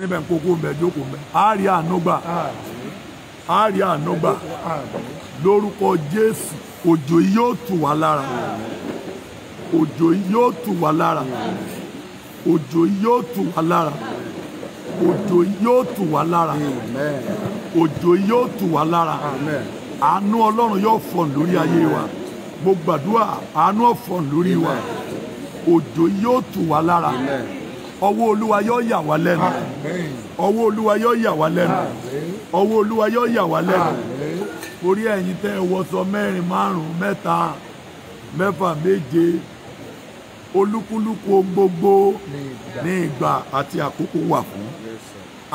níbẹ̀ kókó ń bẹ jókòó ń bẹ àárí ànúgbà àárí ànúgbà lórúkọ jésù òjò yìí yóò tù wá lára òjò yìí yóò tù wá lára òjò yìí yóò tù wá lára òjò yìí yóò tù wá lára òjò yóò tù wá lára àánú ọlọ́run yóò fọ̀n lórí ayé wa mo gbàdúrà àánú ọ̀fọ̀n lórí wa òjò yóò tù wá lára. Amen ọwọ́ olúwa yóò yà wá lẹ́nu ọwọ́ olúwa yóò yà wá lẹ́nu ọwọ́ olúwa yóò yà wá lẹ́nu orí ẹ̀yin tẹ́ ẹ wọṣọ mẹ́rin márùn-ún mẹ́ta mẹ́fà méje olúkúlùkù gbogbo ní ìgbà àti àkókò wà fún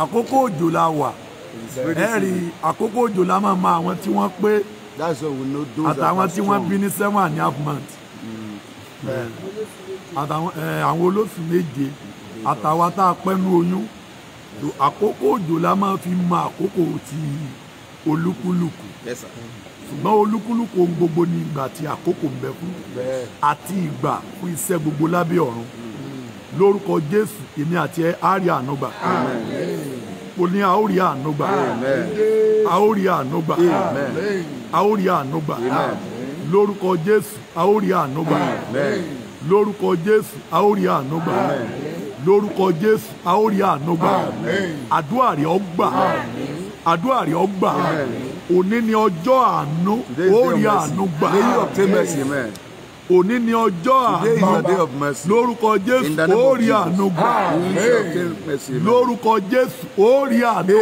àkókò òjò la wà ẹ̀rí àkókò òjò la máa ma àwọn tí wọ́n pé àtàwọn tí wọ́n bí ní seven and a half months mm. Mm. àtàwọn olóṣù méje. Mm àtàwa tá a pẹ́nu oyún àkókò òjò la máa fi mọ àkókò ti olúkúlùkù ṣùgbọ́n olúkúlùkù ohun gbogbo ni ìgbà tí àkókò ń bẹ fún àti ìgbà fún iṣẹ́ gbogbo lábẹ́ ọ̀run lórúkọ jésù èmi àti ẹ á rí àánú gbà mo ní a ó rí àánú gbà a lórúkọ jésù a ó lórúkọ jésù a ó lórúkọ jésù a ó rí àánú gbà àdúrà rẹ ó gbà àdúrà rẹ ó gbà òní ni ọjọ́ àánú ó rí àánú gbà òní ni ọjọ́ àánú lórúkọ jésù ó rí àánú gbà lórúkọ jésù ó rí àánú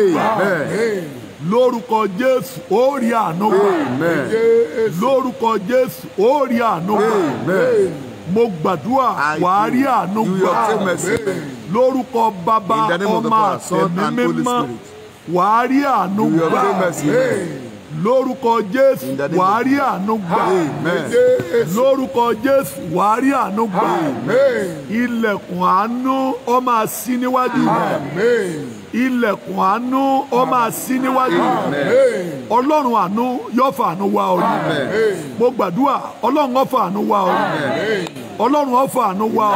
lórúkọ jésù ó rí lórúkọ jésù ó rí mo gbàdúrà wàá rí àánú gbà lórúkọ bàbá ọmọ àtẹ̀mí mímọ́ wàá rí àánú gbà lórúkọ jésù wàá rí àánú gbà lórúkọ jésù wàá rí àánú gbà ilẹ̀kùn àánú ó máa ṣí ilẹ̀kùn àánú ọ máa ṣí níwájú ọlọ́run àánú yóò wá ọ mo gbàdúrà ọlọ́run ó fa wá ọ ọlọ́run ó fa wá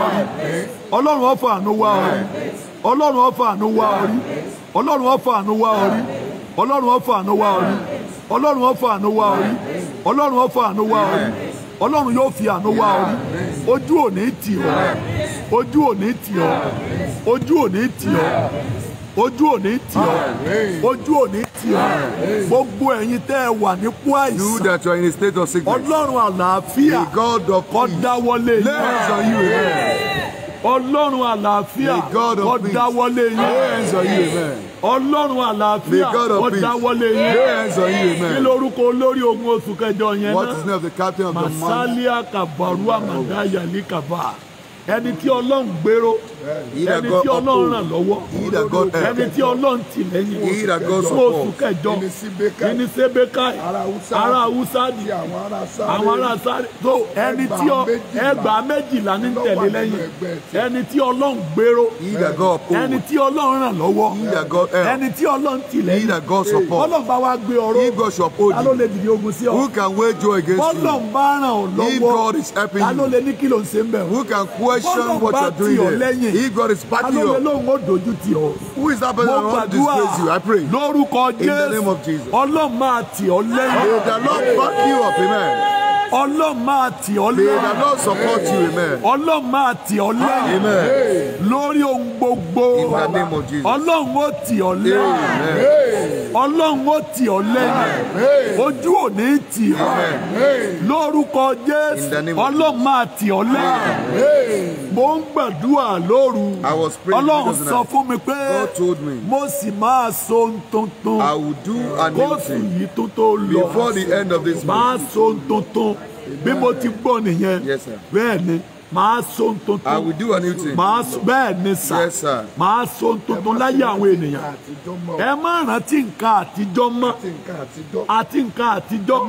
ọ ọlọ́run ó wá ọ ọlọ́run wá ọ ọlọ́run wá ọ ọlọ́run wá ọ ọlọ́run ọ ọlọ́run ọ ọlọ́run yóò fi ọ ojú ò tì ọ ojú ní tì ọ gbogbo ẹ̀yin tẹ ẹ wà àìsàn. you that you are in a state of sickness. ọlọ́run àlàáfíà. the God of peace. lay hands on you. ọlọ́run àlàáfíà. the God of peace. lay hands on you. Ọlọ́run àlàáfíà ọ̀dáwọlé yẹn kí lorúkọ olórí ogun oṣù kẹjọ yẹn náà Masalia ẹni tí ọlọ́run gbèrò ẹni tí ọlọ́run ràn lọ́wọ́ ẹni tí ọlọ́run tì lẹ́yìn fún oṣù kẹjọ ẹni sebekai ara hausa di àwọn ará sáré tó ẹni tí ẹgbà méjìlá ní tẹ̀lé lẹ́yìn ẹni tí ọlọ́run gbèrò ẹni tí ọlọ́run ràn lọ́wọ́ ẹni tí ọlọ́run tì lẹ́yìn ọlọ́run bá wa gbé ọ̀rọ̀ ta ló lè dìde ogun sí ọ ọlọ́run bá ràn ọ lọ́wọ́ ta ló ní kí ló ń ṣe ń question what you're doing there. If God is backing you up, who is that person that won't disgrace you? I pray. In the name of Jesus. May the Lord back you up, amen. Ọlọ́run máa tì ọ́ lẹ́yìn. May the Lord support you, amen. Ọlọ́run máa tì ọ́ lẹ́yìn. Amen. Lórí ohun gbogbo. In the name of Jesus. Ọlọ́run ó tì ọ́ lẹ́yìn. Amen. Ọlọ́run ó tì ọ́ lẹ́yìn. Ojú ò ní tì ọ́. Amen. Lórúkọ Jésù. In the name of Jesus. Ọlọ́run máa tì ọ́ lẹ́yìn. Amen mo ń gbàdúrà lóru ọlọ́run sọ fún mi pé mo sì máa so ohun tuntun yìí tó tó lọ máa so ohun bí mo ti gbọ́ nìyẹn bẹ́ẹ̀ ni màá so ohun tuntun I will do a new thing màá bẹ́ẹ̀ ni sà màá so ohun tuntun láyé àwọn ènìyàn ẹ má rántí nǹkan àtijọ́ mọ́ àti nǹkan àtijọ́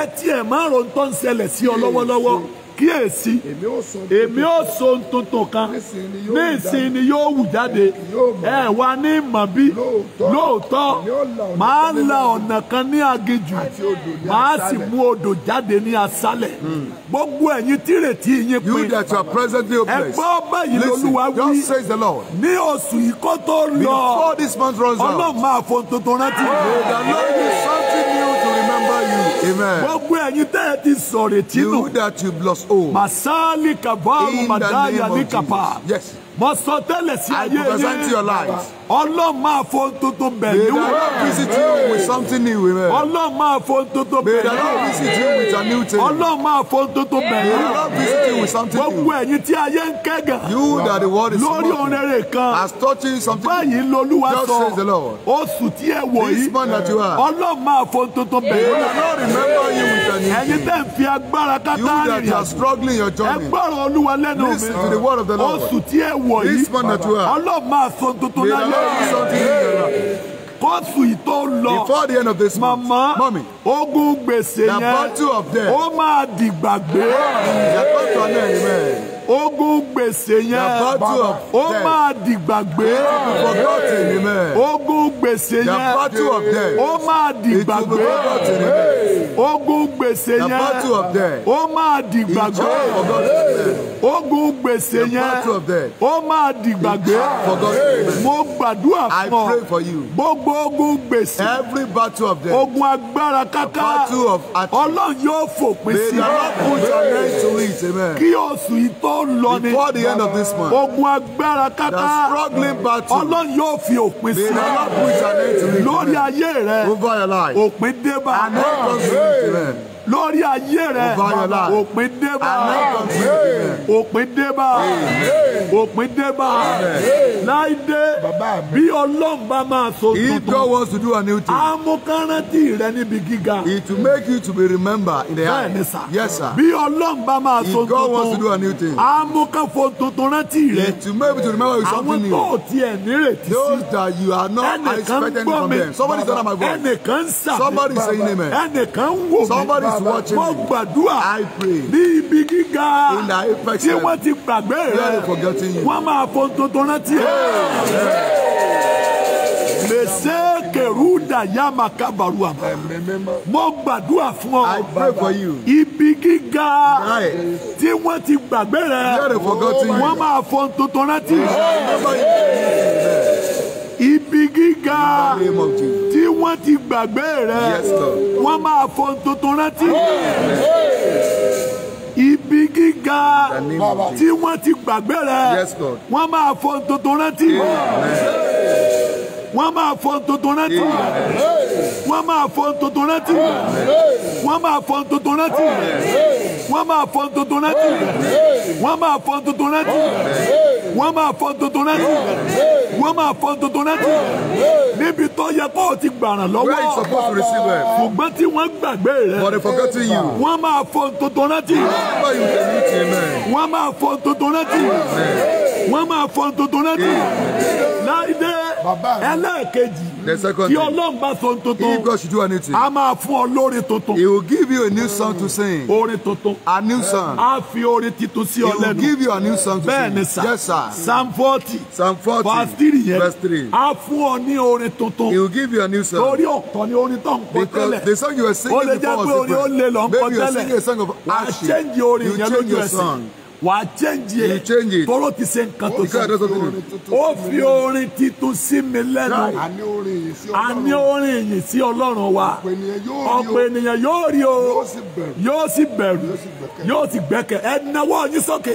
ẹ tiẹ̀ má ro ohun ń ṣẹlẹ̀ sí ọ lọ́wọ́lọ́wọ́ kíyèsí èmi ó so tuntun kan ní ìsìn ni yóò wù jáde ẹ wà ní ìmọ̀ bí lóòótọ́ màá la ọ̀nà kan ní aginjù màá sì mú odò jáde ní asálẹ̀ hmm. gbogbo ẹ̀yin tírètí yín pé ẹ gbọ́ báyìí lolúwa wí ní oṣù yìí tó lọ ọlọ́run máa fo tuntun rántí. Amen. Gbogbo ẹ̀yin tẹ́ ẹ ti sọ̀rètí nù. Oh. Masali kabaru madaya likapa. Yes. mo sọ tẹ́lẹ̀ sí ayé yẹn your life. ọlọ́run máa fo tuntun bẹ̀ yín wò. may the Lord with something new amen. ọlọ́run máa fo tuntun bẹ̀ yín wò. may the Lord with a new thing. ọlọ́run máa fo tuntun bẹ̀ yín wò. may the Lord with something new. gbogbo ẹ̀yin tí ayé ń kẹ́gàn. you that the world is smoking. lórí onere kan. as touching something. báyìí lolúwa sọ. just says the Lord. oṣù tí ẹ wọ̀ yìí. this month that you are. ọlọ́run máa fo tuntun bẹ̀ yín wò. may the Lord with a new thing. tẹ́ ń fi agbára kátà rìn. you that are struggling your journey. olúwa lẹ́nu mi. listen to the word of the Lord. oṣù tí ẹ wọ̀ yìí ọlọ́run máa sọ tuntun lálẹ́ yìí kóòtù yìí lọ. before the end of this month. mama mommy. ogun gbèsè yẹn. the battle of death. ó máa dìgbàgbé. yàtọ̀ tó ní ẹ̀yìn mẹ́rin ogun gbèsè yẹn ó máa dìgbàgbé ogun gbèsè yẹn ó máa dìgbàgbé ogun gbèsè yẹn ó máa dìgbàgbé ogun gbèsè yẹn ó máa dìgbàgbé mo gbàdúrà fún ọ gbogbo ogun gbèsè. every battle of them. ogun agbára káká. battle of attacks. ọlọ́run yóò fòpin sí. may the lord put an end to it amen. kí oṣù yìí tó lọ ni. before the end of this month. ogun agbára káká. the struggling battle. ọlọ́run yóò fi òpin sí. may the lord put an end to it amen. lórí ayé rẹ. over your life. òpin dé bá. an end comes to it amen lórí ayé rẹ òpin débà òpin débà òpin débà láìdé bí ọlọ́run bá máa so tuntun. if God wants to do a new thing. a mú rẹ níbi gíga. it will make you to be remembered in the eye. sà. yes sir. bí ọlọ́run bá máa so tuntun. if God wants to do a new thing. a mú tuntun rántì rẹ. to remember you àwọn tó tiẹ̀ nírètí sí. those that you are not expecting from my voice. ẹnìkan ń saying amen. ẹnìkan wò mí watching me. gbàdúrà. I pray. Ní ibi gíga. In the apex. Tí wọ́n ti gbàgbé rẹ̀. They are forgetting you. Wọ́n máa fọ tuntun rántí Mèsè kèrúdà yá màá kábàrú àmà. Mo gbàdúrà fún ọ. I pray for you. Ibi gíga. Tí wọ́n ti gbàgbé rẹ̀. They are forgetting you. Wọ́n máa fọ tuntun rántí ibi gíga tí wọ́n ti gbàgbé rẹ wọ́n máa fọ tuntun rántí ibi gíga tí wọ́n ti gbàgbé rẹ wọ́n máa fọ tuntun rántí wọ́n máa fọ tuntun rántí wọ́n máa fọ tuntun rántí wọ́n máa fọ tuntun rántí wọ́n máa fọ tuntun rántí wọ́n máa fọ tuntun rántí wọ́n máa fọ tuntun rántí wọ́n máa fọ tuntun rántí níbi tó yẹ kó o ti gbàràn lọ́wọ́ ṣùgbọ́n tí wọ́n gbàgbé rẹ̀ wọ́n máa fọ tuntun rántí wọ́n máa fọ tuntun rántí wọ́n máa fọ tuntun rántí láìdé ẹlẹ́ẹ̀kejì tí ọlọ́run bá sọ tuntun if God should do anything a máa fún ọ lóore tuntun he will give you a new song to sing oore tuntun a new song a fi oore titun sí ọ lẹ́nu he will give you a new song to sing bẹ́ẹ̀ ni yes sir psalm forty psalm forty verse three yẹn verse three a fún ọ ní oore tuntun he will give you a new song torí ọ̀tọ̀ ni orin tó ń kọ tẹ́lẹ̀ because the song you were singing before was different maybe you were singing a song of ashes you change your song wà á change yẹ tọrọ ti se nǹkan tó sọ ó fi orin titun sí mi lẹ́nu a ní orin ìyìn sí ọlọ́run wa ọ̀pọ̀ ènìyàn yóò rí o yóò sì bẹ̀rù yóò sì gbẹ́kẹ̀ ẹ nawọ́ yín sókè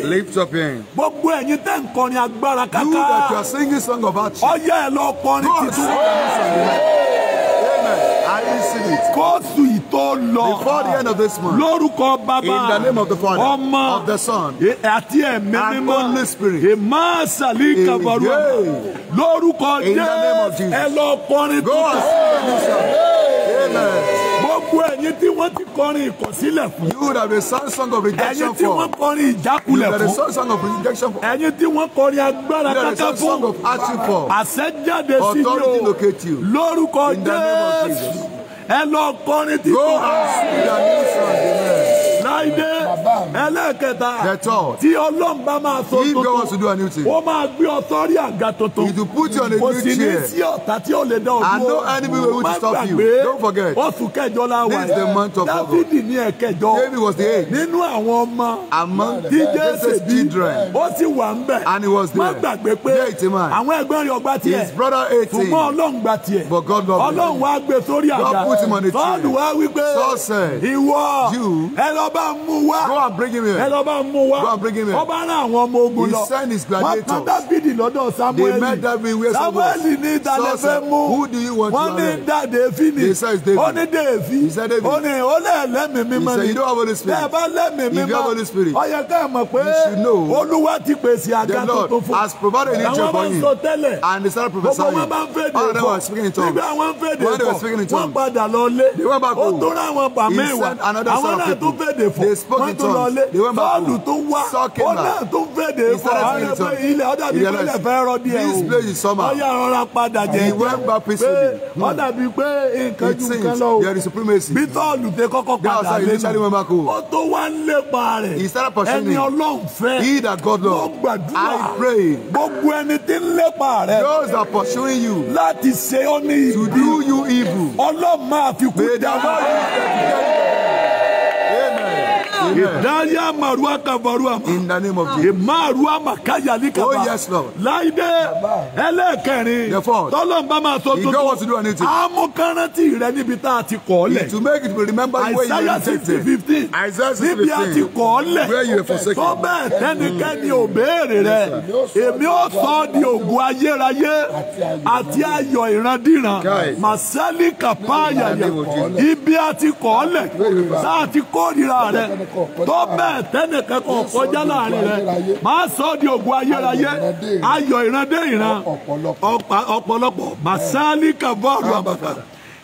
gbogbo ẹ̀yin tẹ́ ń kọrin agbára kàkà ọyẹ́ ẹ lọ kọrin titun. Kóòtù ìtò lọ. Before the end of this month. Lórúkọ bàbá. In the name of the Father. Ọmọ. Of the Son àti ẹ̀mí mímọ́ ìmọ̀ọ́sàlì kàbàrú lórúkọ jẹ́ ẹ lọ kọrin tuntun. gbogbo ẹ̀yin tí wọ́n ti kọrin ìkọ̀sílẹ̀ fún. you would have been sound song of rejection for. ẹ̀yin tí wọ́n kọrin ìjákulẹ̀ fún. you would have been sound song of rejection for. ẹ̀yin tí wọ́n kọrin agbára kankan fún. you would have been sung song of action for. àṣẹjáde sí yóò. authority locate you. lórúkọ jẹ́ ẹ lọ kọrin títún. go and sing the new song. láìdé ẹlẹ́kẹta tí ọlọ́run bá máa sọ tuntun ó máa gbé ọ sórí àga tuntun kò sì ní sí ọ̀tá tí ó lè dá ọdún má gbàgbé oṣù kẹjọ la wà dávidi ní ẹ̀kẹjọ nínú àwọn ọmọ tí jésù bí ó sì wà ń bẹ̀ má gbàgbé pé àwọn ẹgbẹ́ rẹ̀ ọgbà tiẹ̀ ṣùgbọ́n ọlọ́run gbà tiẹ̀ ọlọ́run wá gbé sórí àga sọ́ọ̀lù wá wí pé ìwọ ẹ lọ bá mú wá. Go and bring him here. Ẹ mú wá. Go and bring him here. Ọba rán àwọn ọmọ ogun lọ. He sent his gladiators. Wọ́n kàn Dábìdì lọ́dọ̀ Samuel. They met David where Samuel was. Samuel ní ìdálẹ́ fẹ́ mú. Who do you want to marry? Wọ́n ní Dàdé Fini. They said it's David. Ó ní Dèéfì. He said David. Ó ní ó lẹ̀ lẹ́mìí mímọ́ ni. He said you don't have Holy Spirit. Bẹ́ẹ̀ bá lẹ́mìí mímọ́. If you have Holy Spirit. Ó yẹ ká mọ̀ pé. You should know. Olúwa ti pèsè àga tuntun fún. The Lord has provided a new job for you. Àwọn máa ń sọ tẹ́lẹ̀. And they started prophesying. Gbogbo wọn máa ń fẹ́ dé. All of them were speaking in tongues. Nígbà wọn fẹ́ dé. When they were speaking in tongues. Wọ́n padà lọ lé. They went back home. Ó tó rà wọn bà mí wá. He sent another son of people. Àwọn náà tó fẹ́ dé fún. They spoke wọ́n tó lọ lé bọ́ọ̀lù tó wá ó náà tó fẹ́ de fọ́ àwọn ẹgbẹ́ ilẹ̀ ọ̀dà bíi pé lẹ́fẹ̀ ẹ̀rọ díẹ̀ o ọ̀yà rọra padà jẹ́ pé ọ̀dà hmm. bíi pé nǹkan ju nǹkan lọ o bí tọ́ọ̀lù tẹ kọ́kọ́ padà lẹ́nu ó tó wá ń lépa rẹ̀ ẹni ọlọ́run fẹ́ mo gbàdúrà gbogbo ẹni tí ń lépa rẹ̀ láti ṣe ọ́ ní ìlú ọlọ́run máa fi kú dáná. Idaya marua kavarua. In the name of Jesus. Imarua makaya likaba. Oh yes, Lord. Láìdé ẹlẹ́kẹ̀rin. The fourth. Tọ́lọ́n bá máa sọ He don't want to do anything. Amúkárántì rẹ níbi tá a ti kọ́ lẹ̀. To make it to remember where you were sixty fifteen. Isaiah sixty fifteen. Níbi a ti kọ́ lẹ̀. Where you were forsaken. Tó bẹ́ẹ̀ mm. tẹ́nikẹ́ni ò béèrè rẹ̀. Èmi ó sọ ọ́ di ògùn ayérayé àti ayọ̀ ìrandíran. Màsálì kàpáyàyà. Ibi a ti kọ́ lẹ̀. Tá a ti kórìíra rẹ̀ tó bẹ́ẹ̀ tẹ́nìkan kan kọjá láàrin rẹ máa sọ ọ́ di ògùn ayérayé ayọ̀ ìrandé ìran ọ̀pọ̀lọpọ̀ màsálí kàbọ̀ àrùn àbàkà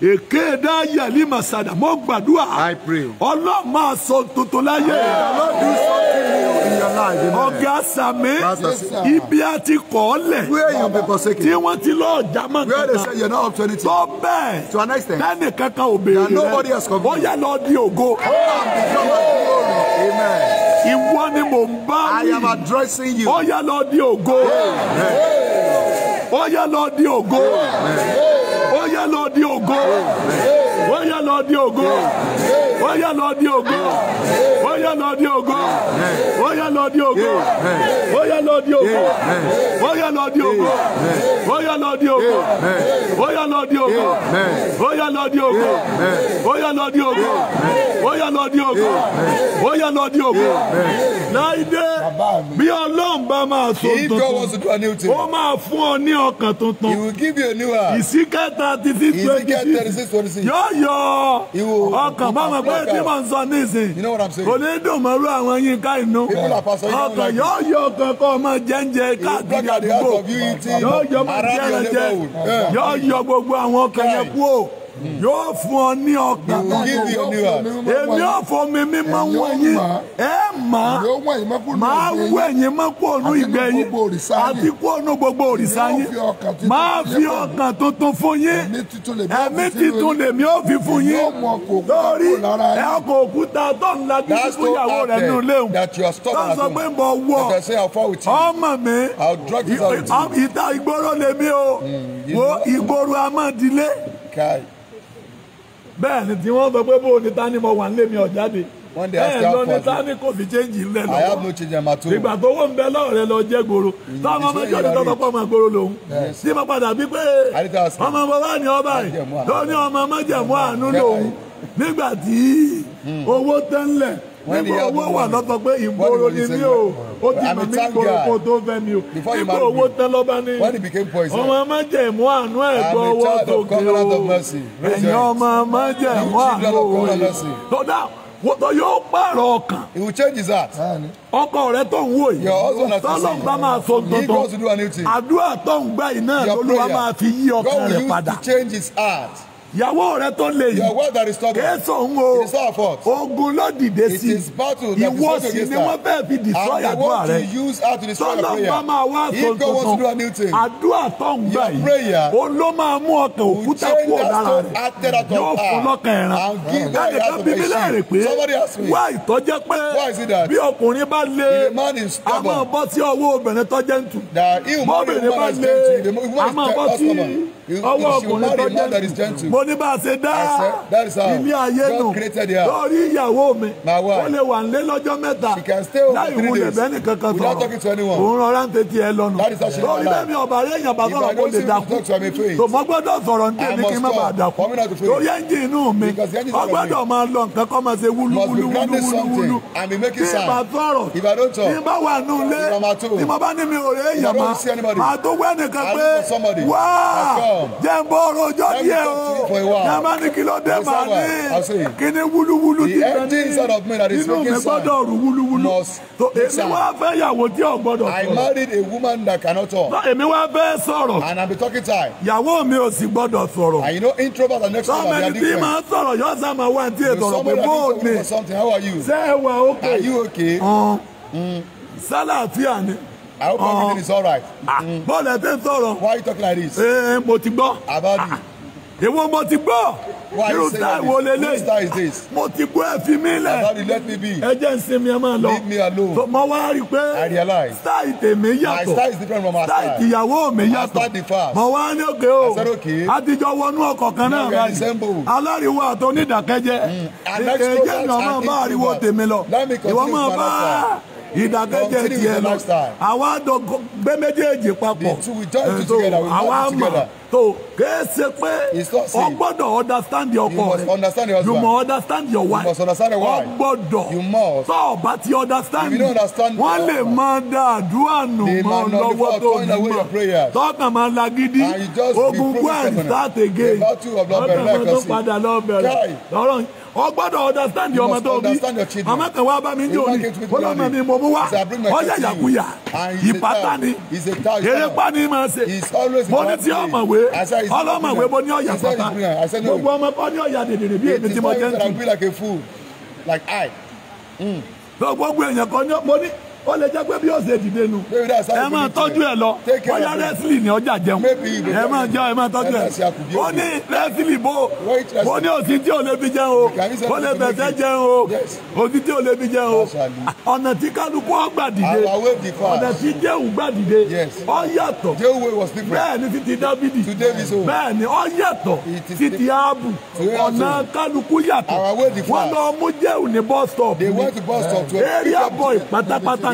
èké dá yẹlí màsàdà mo gbàdúrà. I pray. ọlọ́run máa sọ tuntun láyé. ọlọ́run do something new in your life. ọ̀gá sàmé ibi a ti kọ́ lẹ̀. where you be forsaken. tí wọ́n ti lọ ọjà mọ́ kankan. where you no up to anything. tó bẹ́ẹ̀. to an extent. lẹ́nu kankan ò béèrè nobody has come. ó yẹ lọ di ògo. ó yà glory. amen. ìwọ ni mò ń bá wí. I am addressing you. ó yẹ lọ di ògo. Ó yá lọ di ògo. Ó yá lọ di ògo. Ó yá lọ di ògo. Ó yá lọ di ògo. Ó yá lọ di ògo. Ó yá lọ di ògo. Ó yá lọ di ògo. Ó yá lọ di ògo. Ó yá lọ di ògo. Ó yá lọ di ògo. Ó yá lọ di ògo. Ó yá lọ di ògo. Ó yá lọ di ògo. Ó yá lọ di ògo. Láìdé bí ọlọ́. Ọlọ́run máa so tuntun. Ó máa fún ọ ní ọkàn tuntun. He will give you a new heart. twenty six. Yóò yọ ọkàn bá pé tí mò ń sọ nísìn. Kò ní dùn mọ́rú àwọn yín ká inú. Ọkàn yóò yọ ọkàn kọ́ ọmọ jẹ́ńjẹ́ káàkiri àdúgbò. Yóò yọ ọmọ jẹ́ńjẹ́. Yóò yọ gbogbo àwọn ọkàn yẹn kú o yóò fún ọ ní ọgbà èmi ò fọ mi mi máa ń ẹ máa máa wọ ẹ̀yìn mọ́ kó ònú ìgbẹ́ yín àti kó ònú gbogbo òrìṣà yín máa fi ọkàn tuntun fún yín ẹ̀mí titun lèmi ó fi fún yín lórí ẹ ọkọ̀ òkúta tó ń lajú fún ìyàwó rẹ̀ nínú léwu tó sọ pé mo wọ ọmọ mi ìta ìgboro lèmi o mm, wo ìgboro amọ̀dílé. bẹ́ẹ̀ ni tí wọ́n sọ pé bó o ní tání mo wà nílé mi ọ̀jáde bẹ́ẹ̀ lọ ní tání kò fi change ńlẹ̀ lọ́wọ́ ìgbà tó wọ́n ń bẹ rẹ lọ jẹ́ gbòòrò mm, táwọn ọmọ ìjọ ní tọ́lọ́ pọ̀ ọmọ gbòòrò lòun tí mo padà bí pé ọmọ bàbá ni ọba báyìí tó ní ọmọ májẹ̀mú àánú lòun nígbà tí hmm. owó tẹ́ńlẹ̀ nígbà owó wà lọ́tọ̀ pé ìgboro ni mí o ó ti mọ̀ mí gbòòrò kó tó fẹ́ mi o nígbà owó tán lọ́ba ní ọmọ májẹ̀mú àánú ẹ̀gbọ́ owó tó gé o ọmọ májẹ̀mú àánú owó tọ́dá wọ́tọ̀ yóò pààrọ̀ ọkàn. he will change ọkọ rẹ tó ń wò yìí. tọ́lọ́n bá máa sọ tuntun. he goes àdúrà tó ń gbà yìí náà lọ́lọ́wọ́ máa fi yí ọkàn rẹ̀ padà. his heart ìyàwó rẹ tó le yìí. your wife that is stubborn. kéésàn ń o. it is our fault. ogun ló dìde sí. it is battle that is to ìwọ sì ni wọ́n fẹ́ẹ́ fi destroy àdúrà rẹ. and want to use her to destroy your prayer. tọ́lọ́ bá máa wá tuntun. if wants to do a new thing. àdúrà tó ń gbà yìí. your prayer. o ló máa mú ọkàn òkúta kúrò lára rẹ. yóò fún lọ́kàn ẹran. and give her that to be she. wá ìtọ́jẹ́ pé. why is it that. bí ọkùnrin bá le. the man is stubborn. a máa bọ́ sí ọwọ́ obìnrin tọ́jẹ́ ń tù. that he will a máa bọ́ sí ọwọ́ ọkùnrin tó jẹ́ mo ní bá a ṣe dá ilé ayé nù lórí ìyàwó mi ó lè wà nílé lọ́jọ́ mẹ́ta láì wulẹ̀ bẹ́ẹ̀ni kankan sọ̀rọ̀ òun rọra ń tètí ẹ lọ́nu lórí bẹ́ẹ̀ni ọ̀bà rẹ̀ èèyàn bá sọ̀rọ̀ kó lè dàkú tó mọ́ gbọ́dọ̀ sọ̀rọ̀ ní tèmi kí n má bàa dàkú lórí ẹ́ńjìn inú mi ọ máa lọ nǹkan kọ́ máa ṣe wúlú wúlú wúlú wúlú tí n bá sọ̀rọ̀ jẹ́ bọ́ ọ̀rọ̀ ọjọ́ díẹ̀ o náà má ló dé màá ní kí ni wúlúwúlú ti tẹ́ ní inú mi gbọ́dọ̀ rú wúlúwúlú èmi wá fẹ́ yàwó tí ò gbọ́dọ̀ sọ̀rọ̀. I married a woman that cannot talk. èmi wá fẹ́ sọ̀rọ̀. and I be talking time. yàwó mi ò sì gbọ́dọ̀ sọ̀rọ̀. and know introvert and extrovert are different. sọ́mẹ̀ni tí màá sọ̀rọ̀ yọ sàmà wá ní ètò pé bóòlù. you somebody that need sálà àti àná. I hope uh, everything is all right. Ah, mm. Bọ́ọ̀lù ẹ̀ tẹ́ sọ̀rọ̀. Why are you talking like this? Ee eh, eh, mo ti gbọ́. About you. Ah, èwo mo ti gbọ́. Why you say that? Whose star is this? Mo ti gbọ́ ẹ fi lẹ̀. About you let me be. Ẹ jẹ́ ìsinmi ẹ máa lọ. Leave me alone. mo wá rí i pé. I realize. Star tèmi yàtọ̀. My star is different from my star. Star ìyàwó mi yàtọ̀. My star differs. Mo wá ní òkè o. I said okay. A ti jọ wọnú ọkọ̀ kan náà rà yìí. Aláriwo àti onídàkẹ́jẹ́. Mm. Ẹ̀jẹ̀ náà máa bá ariwo tèmi lọ. Ìwọ máa bá ìdàkejì tiẹ̀ lọ àwa àjọ gbé méjèèjì papọ̀ eh, àwa mọ̀ tó kìí ṣe pé o gbọ́dọ̀ understand your ọkọ rẹ you must understand your wife o gbọ́dọ̀ tó o bá ti understand wọ́n lè máa da àdúrà nù mọ́ lọ́wọ́ tó ní mọ́ tọ́kàn máa lagídí ogun go and start again tọ́kàn máa tó padà lọ bẹ̀rẹ̀ lọ́rọ̀ yìí o gbọ́dọ̀ understand ọmọ tó bí ọmọ kan wá bá mi ní òní ọlọ́mọ mi mo mú wá ọjà yàkuyà ìpátá ni erépa ni máa ṣe mo ní tí ọmọwé ọlọ́mọwé mo ní ọ̀yà pátá gbogbo ọmọ kan ní ọ̀yà dèdèrè bí èmi tí mo jẹ́ ń tu. gbogbo èèyàn kan ní ọmọ ní ó lè jẹ́ pé bí ọ̀sẹ̀ dìde nu ẹ máa tọ́jú ẹ lọ bóyá rẹ́sìlì ni ọjà jẹun ẹ máa jẹun ẹ máa tọ́jú ẹ ó ní rẹ́sìlì bó ó ní òsì tí ò lè fi jẹun o ó lè bẹ̀sẹ̀ jẹun o òsì tí ò lè fi jẹun o ọ̀nà tí kálukú ọgbà dìde ọ̀nà tí Jéhù gbà dìde ó yàtọ̀ bẹ́ẹ̀ ni títí Dáfídì bẹ́ẹ̀ ni ó yàtọ̀ títí Ábù ọ̀nà kálukú yàtọ̀ wọ́n lọ mú Jéhù ní bus stop area boy pátápátá ọlọ́pàá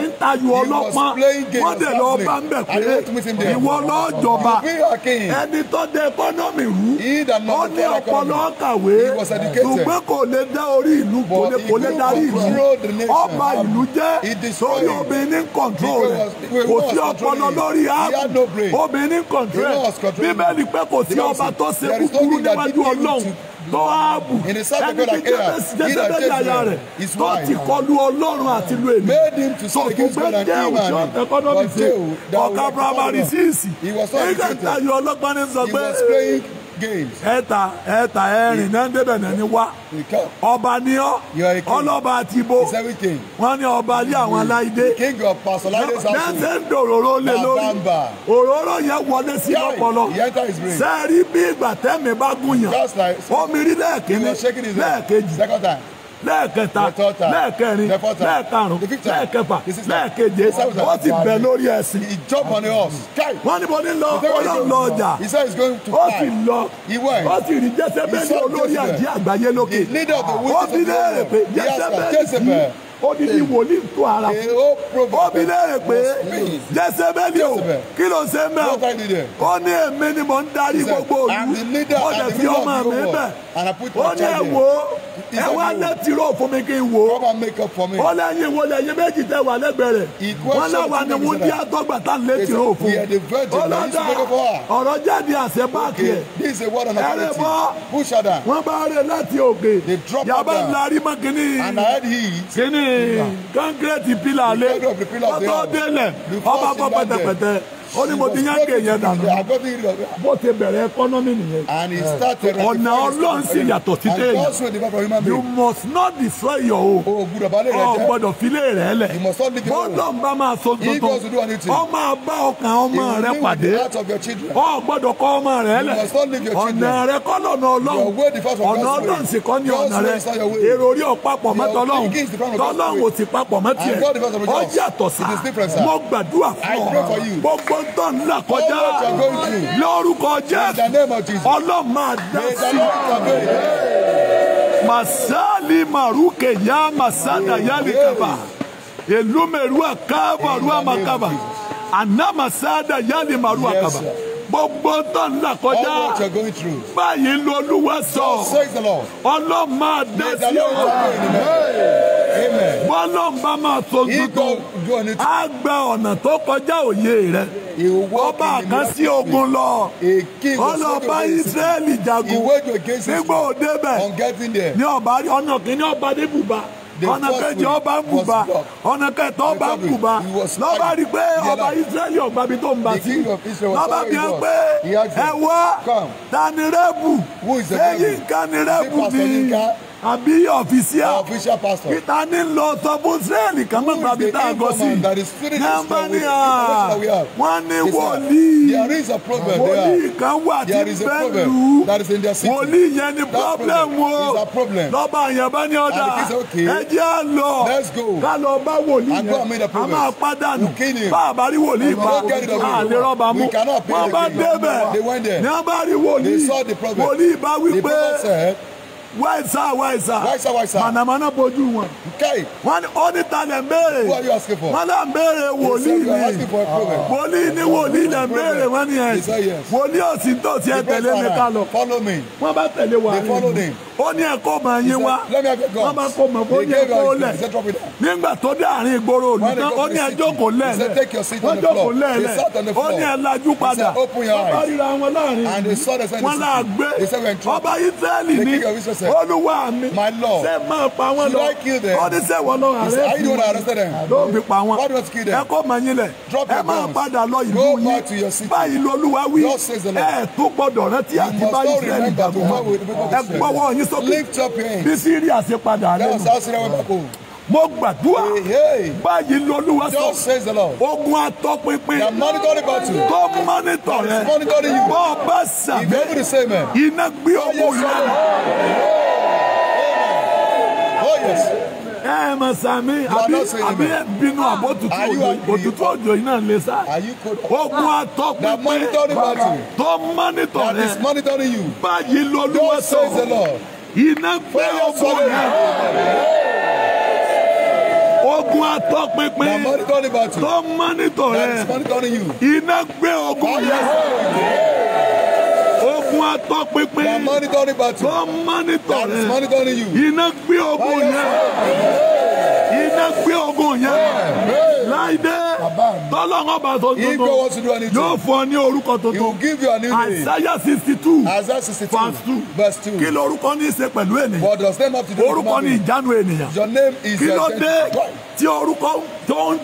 ni ń tayò ọlọ́pàá wọ́n dẹ̀ lọ bá ń bẹ̀ pé ìwọ lọ́jọba ẹni tó dé ẹkọ́nọ́mì rú ó ní ọpọlọ kàwé ṣùgbọ́n kò lè dá orí ìlú kò lè darí ìlú ọba ìlú jẹ́ sórí obìnrin kọ̀ǹtró rẹ̀ kò sí ọpọlọ lórí ààbò obìnrin kọ̀ǹtró rẹ̀ bíbélì pé kò sí ọba tó ṣe kúkúrú níwájú ọlọ́run. Moabu ẹni tí jẹ́bẹ̀sì jẹ́bẹ̀sì àyà rẹ̀ tó ti kọlu ọlọ́run àti lu èmi sọ̀kún pé déwù john economy ṣe ọ̀ka primary six ẹ̀ka ìtayọ̀ ọlọ́gbọ́n ní sọ pé ẹ̀ta ẹ̀ta ẹ̀rìn náà débẹ̀ náà ni wá ọba ni ọ́ ọlọ́ba àti ibo wọ́n ní ọba ní àwọn aláìdé lẹ́sẹ̀ ń dòròró lé lórí òróró yẹn wọlé sí ọpọlọ sẹ́ẹ̀rí bí ìgbà tẹ́mi bá gùn yàn omi rí lẹ́ẹ̀kíní lẹ́ẹ̀kejì lẹ́ẹ̀kẹta lẹ́ẹ̀kẹrin lẹ́ẹ̀karùn lẹ́ẹ̀kẹfà lẹ́ẹ̀keje wọ́n ti bẹ̀ lórí ẹ̀sìn. wọ́n ní mo ní lọ ọlọ́run lọ ọjà ó ti lọ ó ti rí jẹ́sẹ̀ bẹ́ẹ̀ ní olórí àjí àgbáyé lókè ó ti léèrè pé jẹ́sẹ̀ bẹ́ẹ̀ ní odidi wòlíì tó ara ó bi léèrè pé Jésébélì o kí ló ṣe mẹ́ o ó ní èmi ni mò ń darí gbogbo òlu ó dẹ̀ fi ọmọ mi bẹ̀ ó ní ẹ̀wò ẹ wá lẹ tìrọ fún mi kí n wò ó. lẹ́yìn wo lẹ́yìn méjì tẹ wà lẹ́gbẹ̀ẹ́ rẹ̀. wọ́n náà wà ní wúndí àtọ́gbà tá lẹ tìrọ fún. ọlọ́dà ọ̀rọ̀ jáde àṣẹ báàkì ẹ̀. ẹrẹ bọ́ wọ́n bá rẹ̀ láti òkè. yàrá ńlá rí mọ́ kínní. kínní kọ́ńkírẹ́tì pílà lé kọ́tọ́ délẹ̀ ọba bọ́ pẹ̀tẹ̀pẹ̀tẹ̀ ó ní mo ti yán ké yẹn dànù bó ti bẹ̀rẹ̀ ẹkọ́nọ́mì nìyẹn eh, ọ̀nà ọlọ́run sì yàtọ̀ sí téèyàn you must not destroy your own ọ gbọ́dọ̀ filé rẹ̀ lẹ̀ bọ́dọ̀ ń bá máa so tuntun ọ máa bá ọkàn ọmọ rẹ pàdé ọ gbọ́dọ̀ kọ́ ọmọ rẹ lẹ̀ ọ̀nà rẹ kọ́ lọ́nà ọlọ́run ọ̀nà ọlọ́run sì kọ́ ní ọ̀nà rẹ èrò orí ọ̀pápọ̀ mẹ́tọ́ ọlọ́run tọ́lọ́run ò sì papọ̀ mẹ́tì ẹ̀ ọ yàtọ̀ sá gbàdúrà fún ọ ń tàn là kọjá oh, lórúkọ Jésù ọlọ́run máa dá sí i. Masali maruke ya masada ya likaba. Elume ruwa kaba ruwa makaba. Anama sada ya limarua kaba gbogbo tó ń là kọjá. all what you going through. sọ. so says the lord. ọlọ́run máa dá sí ọ. amen. bọ́lọ́run bá máa tó tuntun. a gba ọ̀nà tó kọjá òye rẹ. ọba kan sí ogun lọ. ọlọ́ba israẹli jagun. nígbà òde bẹ̀. ní ọba ọ̀nà kìíní ọba débùbà ọ̀nà kejì ọba ń bùbá ọ̀nà kẹta ọba ń bùbá lọ́ba rí pé ọba Ísírẹ́lì ọ̀gbà mi tó ń bá sí lọ́ba mi hàn pé ẹ wá tanirẹ́bù ṣé yín kanirẹ́bù ni àbí ọ̀fíṣíà ọ̀fíṣíà pastor peter ní lọ sọ fún israẹli kan mọ̀ tàbí tá a gọ sí nàmbá ni à wọ́n ní wòlíì wòlíì kan wà tí bẹ́ẹ̀ lù wòlíì yẹn ni problem o lọ́ba yẹn bá ní ọ̀dà ẹ jẹ́ à lọ ká lọ bá wòlíì yẹn a máa pàdánù bá a bá rí wòlíì pa a lè rọ́bà mú wọ́n bá débẹ̀ ní wọ́n bá rí wòlíì wòlíì bá wí pé wáìsà wáìsà mànàmáná bojú wọn wọn ni ó ní ta lẹ mbéèrè wọn náà mbéèrè wòlíì ni wòlíì ni wòlíì lẹ mbéèrè wọn ni ẹ wòlíì òsì tó ti ẹ tẹ̀lé mi ká lọ wọn bá tẹ̀lé wa ni ó ní ẹ̀kọ́ máa yín wá wọn bá kó mọ̀ kó yẹ kó lẹ̀ nígbà tó dé àárín ìgboro òní tán ó ní ẹ jókòó lẹ́ẹ̀lẹ̀ wọ́n jókòó lẹ́ẹ̀lẹ̀ ó ní ẹ lajú padà wọ́n bá ríra wọn láàrin wọn náà gbé ọba Ísírẹ́lì ní arrested. olúwa mi. my lord. ṣé máa pa wọn lọ. should I kill them. ó lọ are you the one that arrested them. ló fi pa wọn. why do you kill them. ẹ kó mọ yín lẹ. drop your guns. ẹ máa padà lọ ìlú yín. go back to your city. báyìí lolúwa wí. God says the Lord. ẹ tó gbọdọ̀ rántí àti báyìí sẹ́ni dàgbọ́. ẹ gbọ́wọ́ yín sókè. lift up your hands. bí sírí àṣepadà rẹ. that was how Syria went back home mo gbàdúrà báyìí lolúwa sọ ogun atọpinpin tó mọ́nítọ̀ rẹ bọ́ọ̀ bá sàbẹ̀ iná gbé oh, ọmọ ìlànà oh, oh, ẹ mọ sami àbí àbí bínú àbò tutù òjò yìí náà lè sá ogun ah, atọ tó mọ́nítọ̀ rẹ báyìí lolúwa sọ iná gbé ọgbọ́n rẹ ogun atọ́pinpin tó mọ́nítọ̀ rẹ iná gbé ogun yẹn ogun atọ́pinpin tó mọ́nítọ̀ rẹ iná gbé ogun yẹn iná gbé ogun yẹn láìdé tọ́lọ́ngọ́ bá tó tuntun yóò fún ọ ní orúkọ tuntun àìsáyà sixty two verse two kí ló orúkọ ní í ṣe pẹ̀lú ènìyàn orúkọ ní ìjánu ènìyàn kí ló dé tí orúkọ tó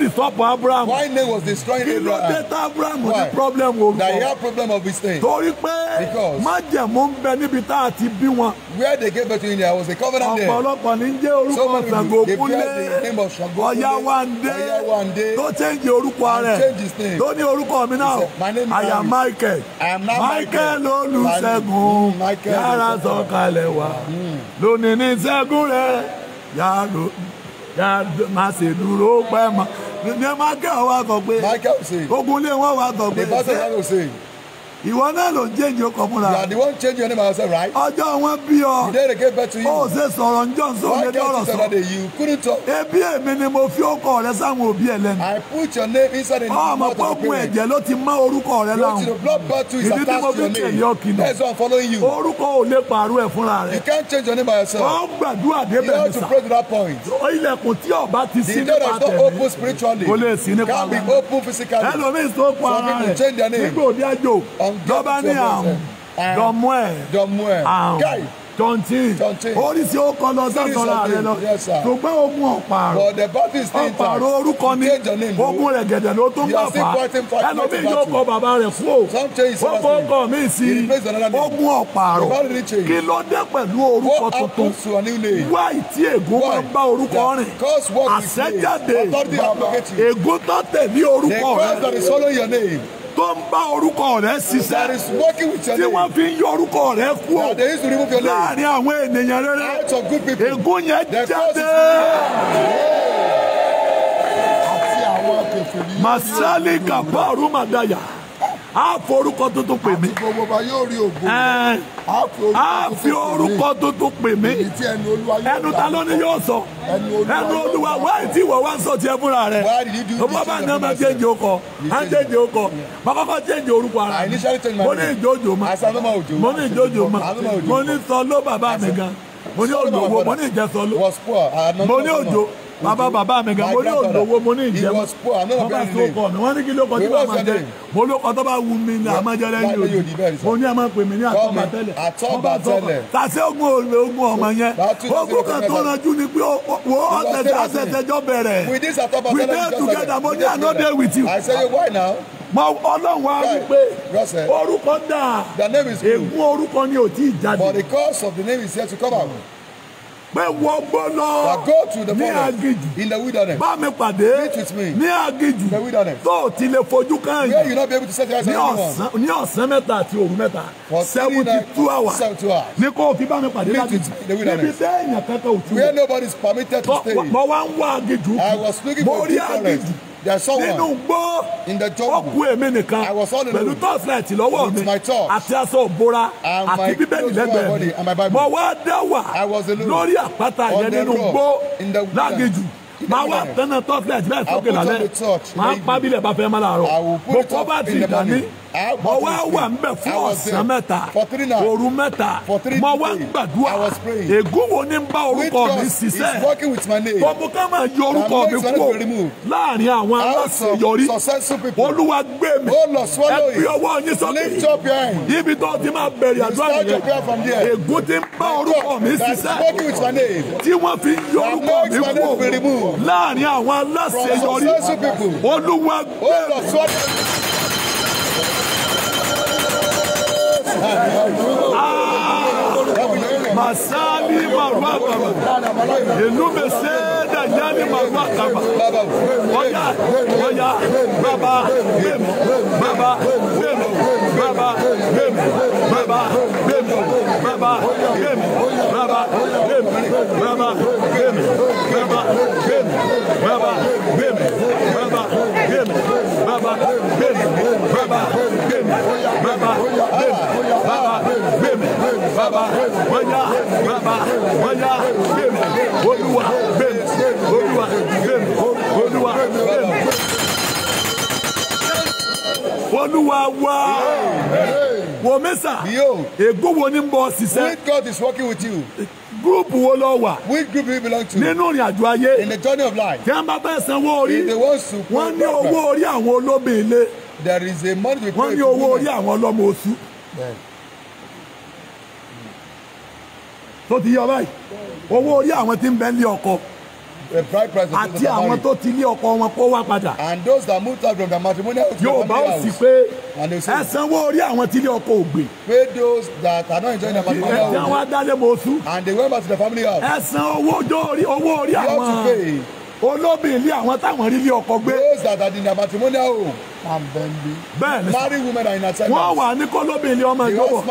disturb Abraham. why name was destroying Abraham. kí ló dé tá Abraham ní problem orúkọ. that he problem of his name. torí pé because májẹ̀mú ń bẹ níbi tá a ti bí wọn. where they gave birth to India was a covenant there. ọ̀pọ̀lọpọ̀ ní jẹ́ orúkọ Ṣàngókúnlé Ọ̀yáwándé tó change orúkọ rẹ̀ tó ní orúkọ mi náà I am Michael Michael Olùṣègùn yàrá sọ̀kalẹ̀ wá hmm. lónìí ní ṣẹ́gun rẹ̀ yàrá má ṣe dúró pẹ́ mọ́ ní Michael wá kọ pé ogun lé wọn wá kọ pé ìwọ náà ló ń change okọ̀ múra. you are the one changing your name and say right. ọjọ́ wọn bí ọ. you dey dey get back to you. o ṣe sọ̀rọ̀ njọ́ sọ lé lọ́rọ̀ sọ. one day you couldn't talk. ebi èmi ni mo fi okọ̀ rẹ sáwọn òbí ẹ lẹ́nu. I put your name inside the mouth of the parent. ọmọ pọ́kun ẹ̀jẹ̀ ló ti mọ orúkọ rẹ láwọn. your blood battle is attached to your name. ìdí ni why I'm following you. orúkọ ò lè pààrọ̀ ẹ̀ fúnra rẹ. you can't change your name by yourself. wọ́n gbàdúrà débẹ̀ you have to pray that point. ilẹ̀kùn tí ọba open spiritually. kò be open physically. ẹlòmíì tó pa ara change their name ló bá ní àrùn dọ̀mú ẹ̀ àrùn tọ̀ntì oríṣi ó kọ lọ sọ́tọ̀ra rẹ lọ ṣùgbọ́n ogun ọ̀pààrọ̀ ọ̀pààrọ̀ orúkọ ni ogun rẹ̀ gẹ̀dẹ̀ ló tó ń bà fà ẹlòmíì yóò kọ bàbá rẹ̀ fún o ó kọ ọkọ mi sí ogun ọ̀pààrọ̀ kí ló dé pẹ̀lú orúkọ tuntun wá ìtí ègún máa ń bá orúkọ rìn àṣẹjáde ègún tó tẹ̀lé orúkọ rẹ tó ń bá orúkọ rẹ ṣiṣẹ́ tí wọ́n fi ń yọ orúkọ rẹ kú ọ láàrin àwọn ènìyàn rere ègún yẹn jáde. masali kabaru madaya a fi orúkọ tuntun pè mí. àti gbogbo yóò rí ògo. a fi orúkọ tuntun pè mí. èyí tí ẹnu olúwa yóò sọ. ẹnu ta ló ní yóò sọ. ẹnu olúwa wáyé tí ìwọ wá ń sọ tiẹ̀ fúnra rẹ̀. ọmọ bá ní ọmọ jẹ́ǹjì okọ̀ á ń jẹ́ǹjì okọ̀ má kọ́kọ́ jẹ́ǹjì orúkọ ara mi. mo ní ìjọ́jọ́ ma mo ní ìjọ́jọ́ ma mo ní sọ ló bàbá mi gan mo ní òjò wo mo ní ìjẹsọ ló mo ní òjò bàbá bàbá mi gan mo ní òdòwò mo ní ìjẹmọ wọn bá tó kọ mi wọn ní kí ló kọ tí bá máa jẹ mo ló kọ tó bá wù mí ní àmọjẹrẹ ní òdì mo ní àmọ pè mí ní àtọba tẹ́lẹ̀ àtọba tẹ́lẹ̀ tàṣẹ ogun olè ogun ọmọ yẹn ogun kan tó ranjú ni pé wo ọsẹsẹjọ bẹ̀rẹ̀ we dey together mo ní àná dey with you mọ ọlọ́run wa wípé orúkọ dáa ègún orúkọ ni ò tí ì jáde. but the cause of the name is yet to come out pé wọ́ gbọ́nà ní aginjù in the wilderness bá mi pàdé meet with me ní aginjù in the wilderness tó o ti lè fojú kan yìí where you no be able to set your eyes on anyone ní ọ̀sán mẹ́ta àti òru mẹ́ta seventy two hours ní kó o fi bá mi pàdé láginjù níbi tẹ́ èèyàn kankan ò tún where nobody is permitted to stay mo wá ń wá aginjù mo rí aginjù. There's someone nínú gbó in the jungle. Ọkù èmi nìkan. I was all alone. Pẹ̀lú torchlight lọ́wọ́ mi. With my torch. Àti aṣọ òbora. And my clothes for body my Bible. Mo wá dá wà. I was alone. Lórí àpáta yẹn nínú gbó. In the wilderness. máa wà tẹ́nà torchlight bẹ́ẹ̀ sókè lálẹ́. I put on the torch. Máa ń pábílẹ̀ bá fẹ́ máa láàárọ̀. Mo kọ́ bá ti dání mo wá wà ń bẹ̀ fún ọ̀sán mẹ́ta òru mẹ́ta mo wá ń gbàdúrà ègún wo ni ń bá orúkọ mi ṣiṣẹ́ bọ́mú ká máa yọ orúkọ mi kúrò láàrin àwọn aláṣeyọrí olúwa gbé mi oh, ẹ gbé ọwọ́ yín sókè ibi tó ti máa bẹ̀rẹ̀ àdúrà nìyẹn ègún ti ń bá orúkọ mi ṣiṣẹ́ tí wọ́n fi yọ orúkọ mi kúrò láàrin àwọn aláṣeyọrí olúwa gbé oh, mi. masani marwa kama ìlú bẹ sẹ danyani marwa kama ọya ọya baba bẹmu baba bẹmu baba bẹmu baba bẹmu baba bẹmu baba bẹmu baba bẹmu baba bẹmu baba bẹmu baba bẹmu baba bẹmu baba gbẹmí bàbá gbẹmí bàbá gbẹmí bàbá wọnyá bàbá wọnyá gbẹmí olúwa gbẹmí olúwa gbẹmí olúwa gbẹmí. olúwa wá wò mẹ́sà ègbó wo ni ń bọ̀ ṣiṣẹ́. with God is working with you gúrùpù wo lọ wà. which group do you belong to. nínú ìrìn àjò ayé. in the journey of life. tí wọ́n bá fẹ́ sanwó orí. if they want to. wọ́n ní owó orí àwọn olóbìnrin lé there is a money between. wọ́n ní owó orí àwọn ọlọ́mọ oṣù. tó ti yọ báyìí owó orí àwọn tí ń bẹ ní ọkọ àti àwọn tó ti ní ọkọ wọn kó wá padà. and those that moved out from their matrimonial to their family house. Yorùbá ó sì pé ẹ sanwó orí àwọn tí ní ọkọ ò pay those that are not enjoying their matrimonial home. ẹ jẹ́ wọn and they went back to their family house. ẹ san owó orí àwọn. you have to pay olóbìnrin ilé àwọn táwọn rí ilé ọkọ gbé. those that are in their matrimonial home and then the Bẹ́ẹ̀ni. married women are in attendance. wọ́n wà ní kólóbìnrin ilé ọmọ ìjọba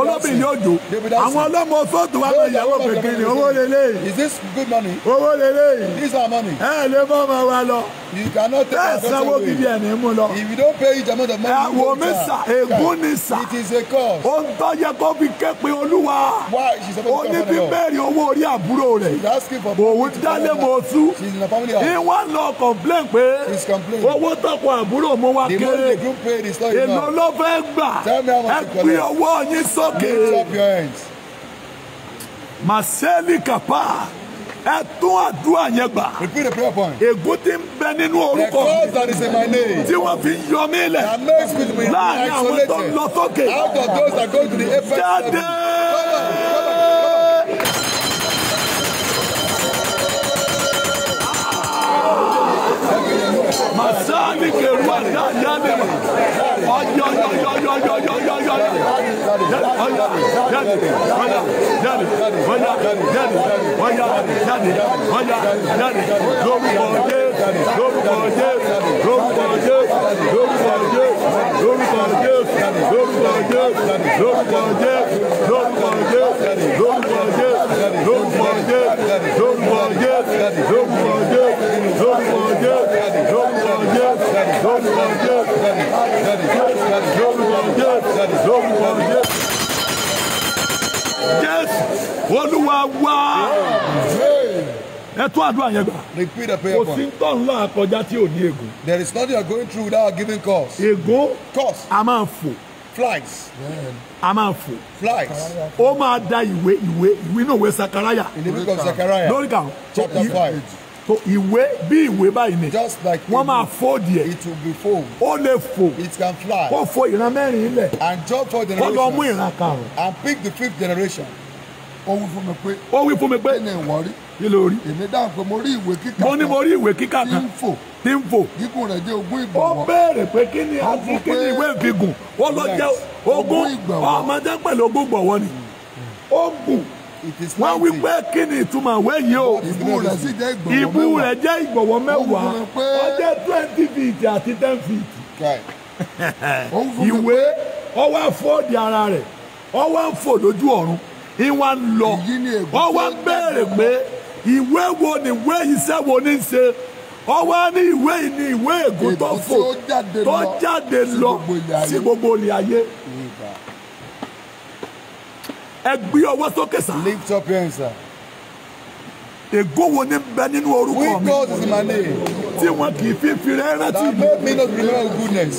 olóbìnrin yóò jó àwọn ọlọ́mọ fóòtù wa máa yàwó kékeré owó lélẹ̀. is this good money. owó lélẹ̀. this our money. ẹ lè bọ́ ọmọ wa lọ. you cannot take our daughter away. bẹ́ẹ̀ sanwó bíbí ẹ̀ ní mú lọ. if you don't pay each amount of money. ẹ wo mi sà ègún ni sà. it is a curse. ohun tó yẹ kó fi ké pe olúwa. why she suppose to come from the law. oníbí bẹ́ẹ̀ ni owó orí àbúrò rẹ̀. she is asking for money. òun dálé mọ̀ ọ́ tú. she is in a family house. ní wọ́n lọ complain pé owó tọkọ àbúrò mú wa kéré èlò ló fẹ́ gbà ẹ pín ọwọ́ yín sókè màsẹ́lì kàpá ẹ tún àdúrà yẹn gbà. repeat the prayer point. ègún tí ń bẹ nínú orúkọ mi. the cause that is in my name. tí wọ́n fi yọ mí lẹ̀. that makes me to be isolated. láàrin àwọn tó ń lọ sókè. out of those that go to the apex. jáde. Masabike Rwanda yabere. Ay ay ay ay ay ay ay ay yani yani forget, don't forget, don't forget. olúwa wá. ẹ tún àdúrà yẹn gbà. repeat the prayer point. kò sí tọ́hún náà kọjá tí ò ní ègún. there is nothing you are going through without giving cause. ègún. cause. a máa fò. flies. Yeah. a máa fò. flies. ó máa da ìwé ìwé ìwé inú ìwé sakaraya. in the book of sakaraya. lórí kan. chapter five so ìwé bí ìwé báyìí ni wọ́n máa fò díẹ̀ ó lè fò kó fò ìran mẹ́rin lẹ̀ kó lọ mú ìran karùn-ún. and pick the fifth generation ó wí fún mi pé. ó wí fún mi pé. kí ni ìwọ rí. kí ló rí. èmi dáhùn pé mo rí ìwé kíkà kan. mo ní mo rí ìwé kíkà kan. tí ń fò. tí ń fò. gígùn rẹ̀ jẹ́ ogún ìgbọ̀nwọ́. ó béèrè pé kí ni àti kí ni ìwé ìfigùn. ó lọ jẹ́ ogún ọmọdé pẹ̀lú ogún gbọ̀nwọ́ ni. ó gùn wọ́n wí pé kí ni ìtumọ̀ ìwé yìí o ìbú rẹ̀ jẹ́ ìgbọ̀wọ́ mẹ́wàá ó jẹ́ twenty feet àti ten feet ìwé ó wá fọ́ di ara rẹ̀ ó wá ń fò lójú ọ̀run ìwà ń lọ ó wá ń béèrè pé ìwé wo ni ìwé iṣẹ́ wo ní í ṣe ó wá ní ìwé yìí ní ìwé ègún tó fò tó jáde lọ sí gbogbo ilé ayé ẹ gbé ọwọ́ sókè sá. lift your hand sir. ègún wo ni bẹ nínú orúkọ mi tí wọn kì í fi fi rẹ rántí that make me not remember goodness.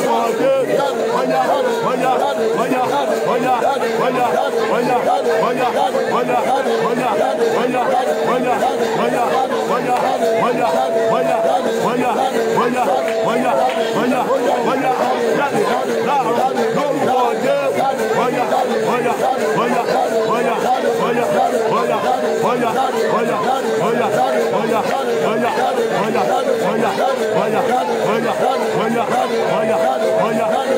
Hola, hola, hola, hola ọ̀yà ọ̀yà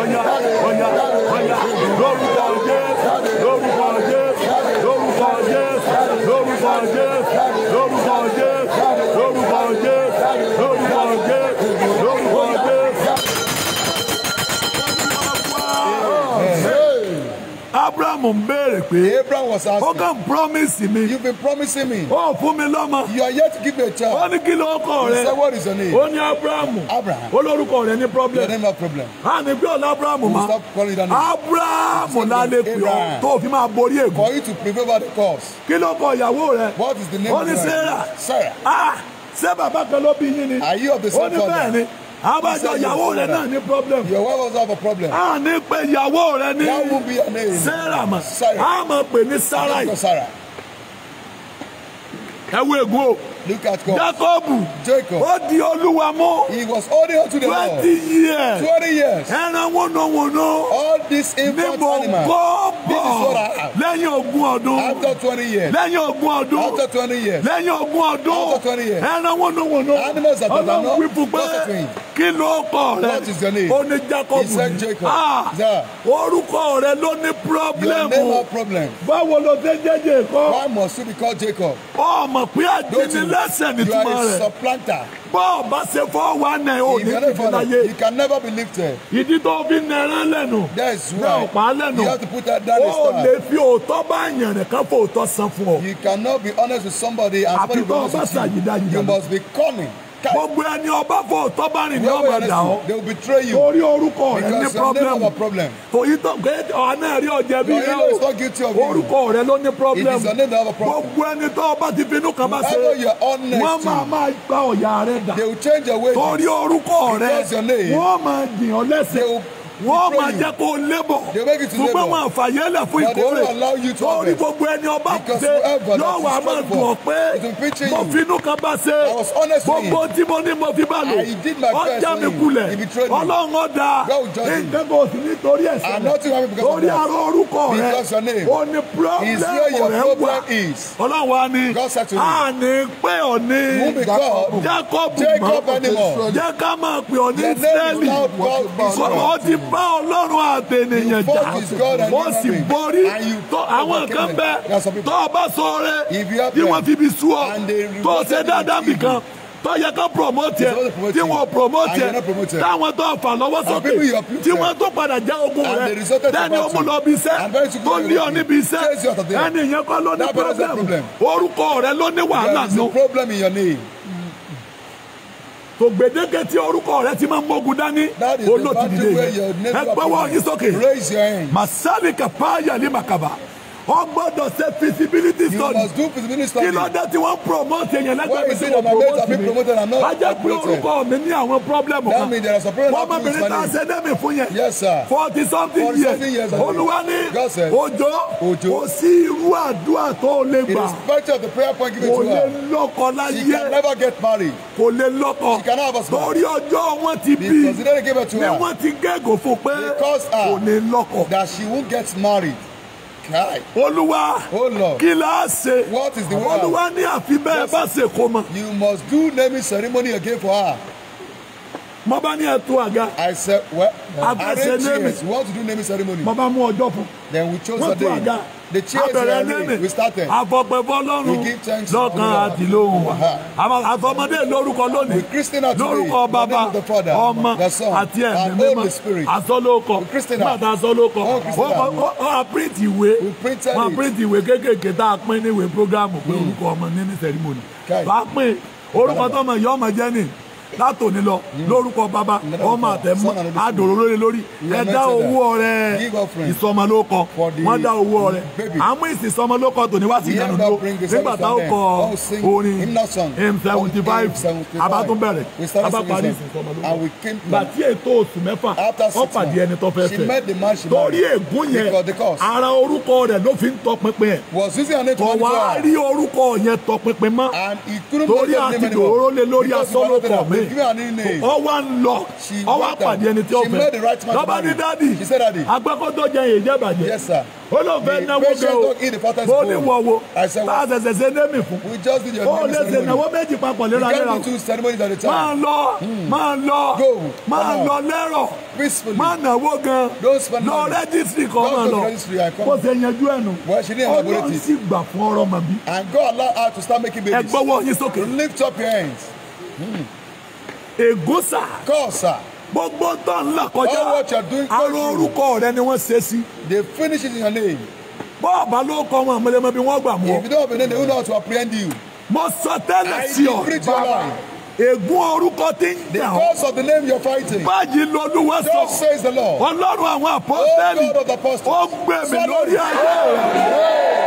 ọ̀yà ọ̀yà ọ̀yà lórúkọ Jésù lórúkọ Jésù lórúkọ Jésù lórúkọ Jésù lórúkọ Jésù. abraham ń béèrè pé. abraham was asking. ó kàn promise mi. you been promising me. ó fún mi lọ́mọ. you are yet to give me a child. ó ní kí ló kọ rẹ. he said what is your name. ó ní abraham. abraham. olórúkọ rẹ ní problem. your name no problem. a ní bí ọ̀la abraham ma. stop calling that name. abraham la lè pè tó fi máa borí ègún. for you to prevail over the course. kí ló kọ ìyàwó rẹ. what is the name of your wife. ó ní sarah. sarah. ah ṣé bàbá kan ló bí yín ni. are you of the same family. ó ní bẹ́ẹ̀ ni abájọ ìyàwó rẹ náà ní problem. your wife also have a problem. a ní pé ìyàwó rẹ ní. that won't be her name. sarah ma sarah. a máa pè ní sarah ẹ wo ègún o. Look at God. Jacob. Jacob. Ó di Olúwa mú. He was holding on to the Lord. Twenty years. Twenty years. Ẹran wọnọwọnọ. All this infant animals. Ní mo gbọ́ bọ̀. Lẹ́yìn ogún ọdún. After twenty years. Lẹ́yìn ogún ọdún. After twenty years. Lẹ́yìn ogún ọdún. After twenty years. Ẹran wọnọwọnọ. Animals that are not wípé pé kí ló kọ rẹ. What is your name? Ó ní Jacob. He said Jacob. Ah. Orúkọ rẹ ló ní problem. Your name no problem. Báwo ló ṣe jẹ́ Jacob? Why must you be called Jacob? Ọmọ pé àjẹnilá blessing ni túmọ̀ you are a supplanter. bọ́ ọ bá ṣe four one nine o ní ìdílé láyé. you can never be lifted. ìdí tó fi nẹ̀rẹ́ lẹ́nu. that's why náà pa á lẹ́nu. you have to put that down the star. o lè fi òótọ́ bá yàn ká fò òótọ́ san fún ọ. you cannot be honest with somebody and somebody be honest with you. àbíkọ́ ọba ṣàyídá you must be cunning gbogbo ẹni ọba fọ tọ́ba rìn ní ọmọ ẹ̀dá o torí orúkọ rẹ ní problem torí ọ̀hán náà rí ọ̀jẹ̀ bí náà o orúkọ rẹ ló ní problem gbogbo ẹni tọ́ ọba ti finú kan bá ṣe wọ́n máa máa gba ọ̀yà rẹ dà torí orúkọ rẹ wọ́n máa dì ọ́ lẹ́sẹ̀ wọ́n máa jẹ́ kó lébọ̀ ṣùgbọ́n wọn àfàyè lẹ̀ fún ìkórè lórí gbogbo ẹni ọba ṣe yóò wá máa dùn ọ́ pé mo finú kan bá ṣe gbogbo tí mo ní mo fi bá lò ọjà mi kulẹ̀ ọlọ́run ọ̀dà nǹkan kò sí nítorí ẹ̀sẹ̀ lórí arọ orúkọ rẹ o ní pírọ́blẹ́mù rẹ wà ọlọ́run wa ni a ní pé ọ̀ ní Jacob mọ́ jẹ́ ká máa pè ọ́ ní Israẹli ọtí bá ọlọ́run àtẹnìyàn jà mo sì borí àwọn kan bẹ tó o bá sọ rẹ bí wọ́n fi bí sú ọ tó o ṣe dáadáa nìkan tó yẹ kó promote yẹ tí wọn promote yẹ táwọn tó fà lọ́wọ́ sókè tí wọn tó padà já ogun rẹ lẹ́ni o lọ bí iṣẹ́ tó ní ọ níbi iṣẹ́ ẹni yẹn kọ́ ló ní problem orúkọ rẹ ló ní wàhálà nù tó gbèdéke tí orúkọ rẹ ti máa ń mógun dání olótìdíde ẹ gbọ́wọ́ yín sókè màsáàlì kàpáyà ní màkàbà wọ́n gbọ́dọ̀ ṣe feasibility study. you must do feasibility study. kí ló dé tí wọ́n promote èèyàn lẹ́gbẹ̀ẹ́ mi tí wọ́n promote mi. a jẹ́ pé orúkọ mi ní àwọn problem kan. that means there is a problem. wọ́n mọ̀ mi ní ta ṣe dẹ́mi fún yẹn. yes sir. forty something years. olúwa ní òjò kò sí irú àdúrà tó lè gbà. in respect of the prayer point given to her. kò lè lọ́kọ láyé. she can never get married. kò lè lọ́kọ. she can have a smile. lórí ọjọ́ wọn ti bí. because they didn't her to her. ni wọ́n ti gégùn fún pé ah, kò lè lọ́kọ. that she won't get married olúwa oh, kí la ṣe olúwa ní àfi bẹ́ẹ̀ bá ṣe kó mọ. you must do naming ceremony again for her. mo bá ní ẹ̀tọ́ àga. I said well. àgbà ṣe naming. you want to do naming ceremony. mo bá mú ọjọ́ fún. then we chose a day. mo tún àga. The We nẹ́ẹ̀mẹ̀ àfọ̀pẹ̀fọ́ lọ́rùn lọ́kàn àti lóhùn wa uh-huh. àfọmọdé lórúkọ lónìí lórúkọ bàbá ọmọ àti ẹ̀mí mímọ́ àsọlókọ nígbàtà àsọlókọ ó àpíríntì ìwé ó àpíríntì ìwé kéékèèké tá a pín níwèé prógrámù pé hmm. orúkọ ọmọ níní sẹ́rímọ́nì bá pín orúkọ tọmọ ìyá ọmọ jẹ́ nìyí látòní lọ mm. lórúkọ bàbá mm. Mm. ọmọ àtẹmọ àdòrò lórí lórí ẹ dá owó ọrẹ ìsọmọlókọ wọn dá owó ọrẹ àmú ìsìn ìsọmọlókọ tòní wá sí ìyànà dúró nígbà tá ó kọ orin m seventy five abátúbẹ̀rẹ̀ abáparí ìsìn ìsọmọlókọ gbàtí ètò oṣù mẹ́fà ó pàdé ẹni tó fẹ́ fẹ́ torí ègún yẹn ara orúkọ rẹ̀ ló fi ń tọpinpin ẹ̀ kọ̀ wá rí orúkọ yẹn tọpinpin mọ́ torí àti dòró lé lórí asọ́lọ́kọ̀ mi give her a new name. ó wá ń lọ ó wá pàdé ẹni tí ó fẹ́. she met the right man to marry. lọ́ba ní dádì. she said dádì. agbẹ́kọ̀tọ̀ jẹ èyí jẹ́ bàjẹ́. yes sir. ó lóun fẹ́ náwó gan o. mo ní wọ̀ wo. tá a ṣẹ̀ṣẹ̀ ṣe némi fún. we just did your name ceremony. ó lè ṣe náwó méjì papọ̀ léra léra. we get two ceremonies at a time. máa lọ hmm. máa lọ máa lọ lẹ́rọ̀ máa náwó gan. don't spend money. lọ rẹ́gísítì kọ́ máa lọ. kó ṣe yanjú ẹnu. well she didn't elaborate it. ọlọ́run sì gbà fún ọ̀rọ̀ màbí. and God allow her to start making babies. ẹ gbọ́wọ́ yín sókè. lift up your hands. Mm ègósà. kọ́ọ̀sà. gbogbo tó ń là kọjá. all what you doing. aró orúkọ rẹ ni wọ́n ṣe sí. they finish it in your name. bọ́ọ̀bà ló kọ́ wọn àmọ́lẹ́mọ́ bí wọ́n gbà mọ́. if you don't believe, them they will not apprehend you. mo sọ tẹ́lẹ̀ sí ọ. I decree your life. Ègún orúkọ tí ń jà ọ́. The cause of the name you're fighting. Báyìí lọ́lúwa sọ. God says the Lord. Ọlọ́run àwọn apọ́sẹ́lì. Oh God of the apostles. Ó gbèmí lórí ayé rẹ̀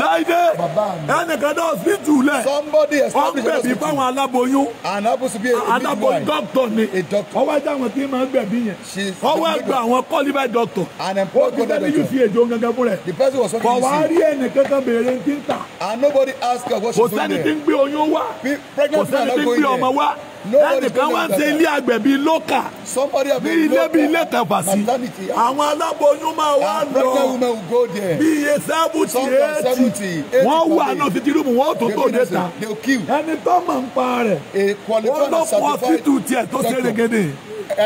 láìdé ẹnìkan náà fi jùlẹ ọgbẹ̀bí fáwọn aláboyún aláboyún dọ́kítọ̀ ni ọwọ́ ajá àwọn tí máa ń gbẹ̀bí yẹn ọwọ́ ẹgbẹ́ àwọn kọ́líbẹ̀ dọ́kítọ̀ ó ti fẹ́ ní uca jó gangan fún rẹ̀ kọ̀ wá rí ẹnìkan kan béèrè tí ń tà kò sẹ́ni tí ń gbé oyún wá kò sẹ́ni tí ń gbé ọmọ wá ẹnìkan wá ń ṣe ilé àgbẹ̀ bíi lókà ní ilé bíi ilé tàbàsí àwọn aláboyún máa wá lọ bíi iye sẹ́fùtì èètì wọ́n wà náà títí rúmù wọ́n tó tó dé ta ẹni tó mọ̀ ń pa rẹ̀ wọ́n ló pọ̀ títù tiẹ̀ tó ṣe rẹ̀gẹ̀dẹ̀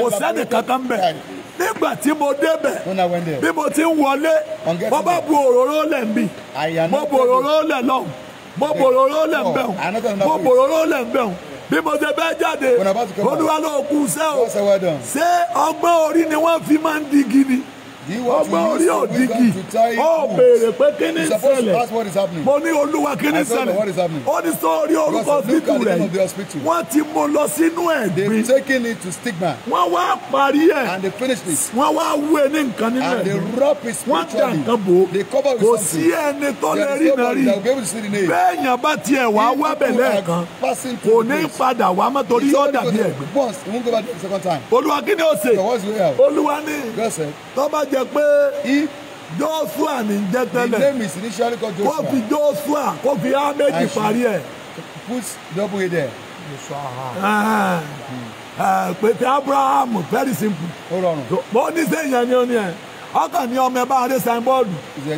kò sẹ́ni kankan bẹ̀ nígbà tí mo débẹ̀ bí mo ti ń wọlé mo bá bu òróró lẹ̀ ń bì mo bu òróró lẹ̀ lọ́hùn mo bu òróró lẹ̀ ń bẹ̀hùn mo bu òróró lẹ̀ ń bẹ̀hùn bí mo ṣe bẹ́ẹ̀ jáde olúwa ló o ṣé ọgbọ́n orí ni wọ́n fi máa ń digi ni ọmọ orí òdìgì ó béèrè pé kí ni ṣẹlẹ̀ mo ní olúwa kí ni ṣẹlẹ̀ ó ní sọ orí orúkọ títù rẹ̀ wọ́n ti mú lọ sínú ẹ̀gbin wọ́n wá parí ẹ̀ wọ́n wá wé ní nǹkan nínú ẹ̀ wọ́n dà nǹkan bò kò sí ẹni tó lè rí náà rí bẹ́ẹ̀ yàn bá tiẹ̀ wá wá bẹ̀ lẹ́ẹ̀kan kò ní padà wá mọ́ torí yóò dàbí ẹ̀gbin olúwa kí ni ó ṣe olúwa ní tọ́ba jẹ jẹ́ pé Joshua ní jẹ́ tẹ́lẹ̀ kó fi Joshua kó fi ahmed parí ẹ̀. put double a there. pèpè Abraham very simple. ó rọrùn. mo ní sẹ́yìn ni ó ní ẹ̀ ọkàn ní ọmọ ẹ bá adé signboard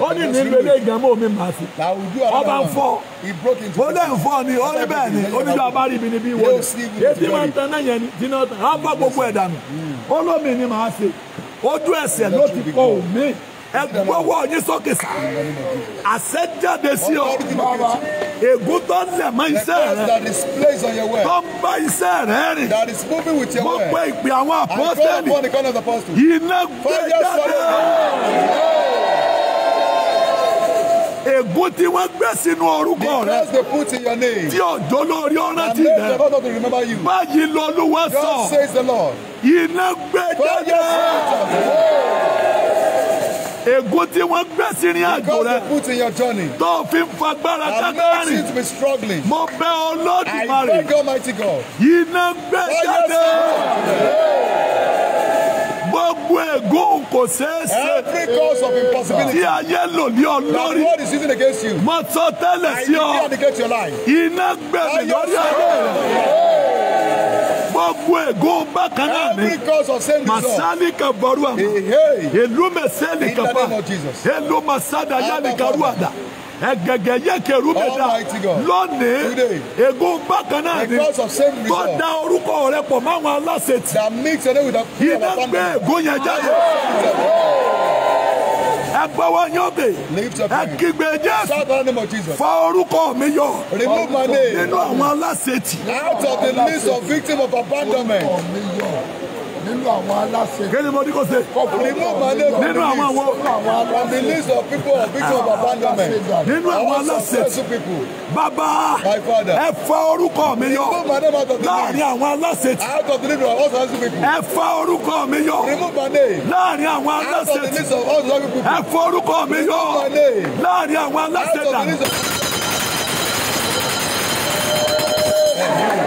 ó ní ní ìgbélé ìgbàmọ́ mi màá sí ọba ń fọ ó lè ń fọ ni ó ní bẹ́ẹ̀ ni oníjọ abárí mi ni bí wọlé etí máa ń tan náà yẹn ni jìnnà tán á fọ gbogbo ẹ̀ dànù ó hmm. lómi ni màá sí ojú ẹsẹ̀ ló ti kọ òmíì ẹgbọ́wọ́ yín sókè sá àṣẹjáde sí ọ ègún tó ń lẹ̀ mọ́ iṣẹ́ rẹ tó ń bá iṣẹ́ rẹ rìn mo pe ìpè àwọn àpọ́tẹ́lì iná gbé jáde ègún tí wọ́n gbé sínú orúkọ rẹ. the curse they put in your name. tí òjò lórí ọ̀rẹ́ ti rẹ. the Lord remember you. báyìí l'Olúwa sọ. God says the Lord. iná gbé jáde ègún tí wọ́n gbé sí ní àjò rẹ tó fi ń fagbára kákárì mo bẹ̀ Olódùmarè iná gbé jáde gbogbo ègún kò ṣeé ṣe. every cause of impossibility. tí ayé lò ní ọlọ́rí. the Lord is using against you. mo sọ tẹ́lẹ̀ sí ọ. I dedicate your life. iná gbẹ̀mí lórí ayé rẹ̀. gbogbo ègún bákan náà ni. every cause of same result. masani ka bọ̀rù àmà. èlú mẹsẹ̀ nìkan pa. in masada yá nìkan rú ẹ̀gẹ̀gẹ̀ yẹ kẹrù mi dá lónìí ègún bákan náà ni kó da orúkọ rẹ pọ̀ máwọn aláṣetì iná gbé ègún yẹn jáde ẹ gbọ́wọ́ yán bè ẹ kígbe jésù fa orúkọ mi yọ nínú àwọn aláṣetì orúkọ mi yọ nínú àwọn aláṣẹ. kéde mo ní kò ṣe. kọ̀pùlì mọ̀ máa lè bí nínú àwọn wo. from the list of people of people of abandonment. nínú àwọn aláṣẹ. bàbá ẹ fa orúkọ mi yọ. láàrin àwọn aláṣẹ. ẹ fa orúkọ mi yọ. láàrin àwọn aláṣẹ. ẹ fa orúkọ mi yọ. láàrin àwọn aláṣẹ dà. Yeah.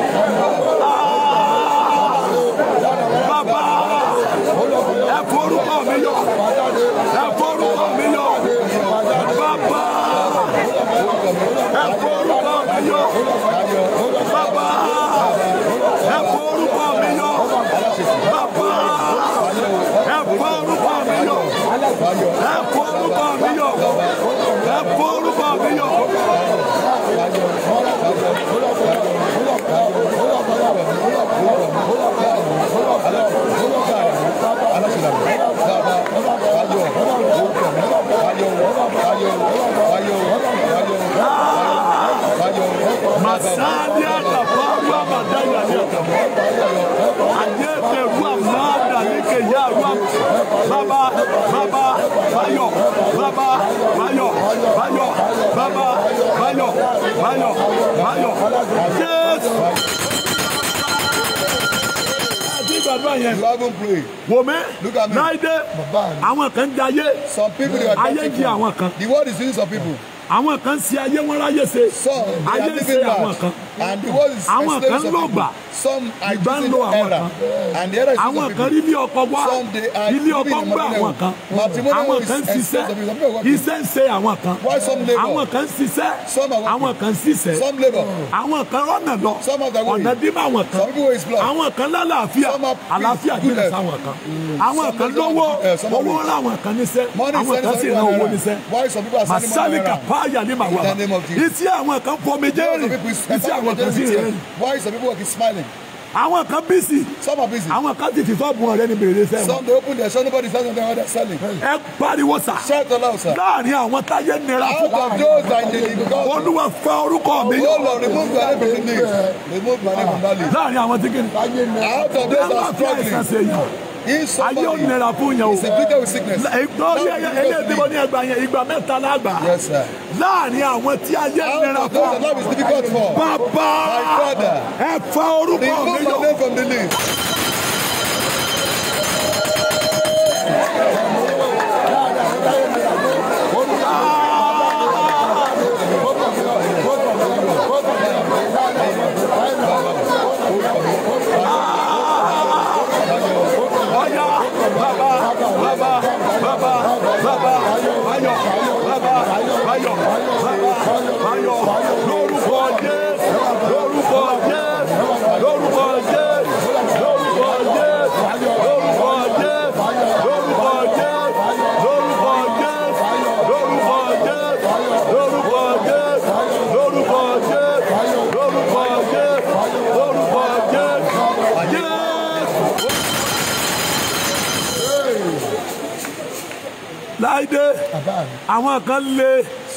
Masadia na faru amadaya ni ọkọ. Ajé tẹ̀wú àmàdà lékè yá wa. Bàbá bàbá báyọ̀ bàbá báyọ̀ báyọ̀ bàbá báyọ̀ báyọ̀ báyọ̀ Jésù gbàdúrà yẹn. you haven't prayed. wò mí. look at me. láìdé àwọn kan jẹ ayé. some people they are getting ayé jẹ àwọn kan. the world is using some people. àwọn kan ṣe ayé wọn ráyè ṣe. so they are living bad. ayé ṣe àwọn kan and the world is àwọn kan ló gbà ìgbà ń lo àwọn kan àwọn kan ilé ọkọ wá ilé ọkọ ń gbà àwọn kan àwọn kan ń ṣiṣẹ́ iṣẹ́ ń ṣe àwọn kan àwọn Some ń ṣiṣẹ́ àwọn kan ń ṣiṣẹ́ àwọn kan Some lọ ọ̀nà dí bá àwọn kan àwọn kan lálàáfíà àlàáfíà jìnnà sáwọn kan mm. àwọn kan lówó owó rán àwọn kan níṣẹ́ àwọn kan sì rán owó níṣẹ́ màsálíkà pààyà ní màwá ìtí àwọn kan fọmi jẹ́rìí ìtí àwọn àwọn kan sí rẹ. why some people work is smiling. àwọn kan busy. some are busy. àwọn kan ti ti sọ́ọ̀bù wọn lẹ́ni bèrè sẹ́wọ̀n. some dey open their shop nobody sell something other selling. ẹ pariwo sa. shout the loud sa. láàrin àwọn táyé nira fún wa. out of those that dey be God. olúwa fẹ́ orúkọ mi. o oh, lọ remove your name from the list. Ah. remove your name from that list. láàrin àwọn tí kìíní. out of those that struggling ayé ò nira fún yẹn o ìgbà yẹ ẹyẹ ìdìbò ní ẹgbà yẹn ìgbà mẹ́ta lágbà láàrin àwọn tí ayé nira fún bàbá ẹ fa orúkọ mi yọ.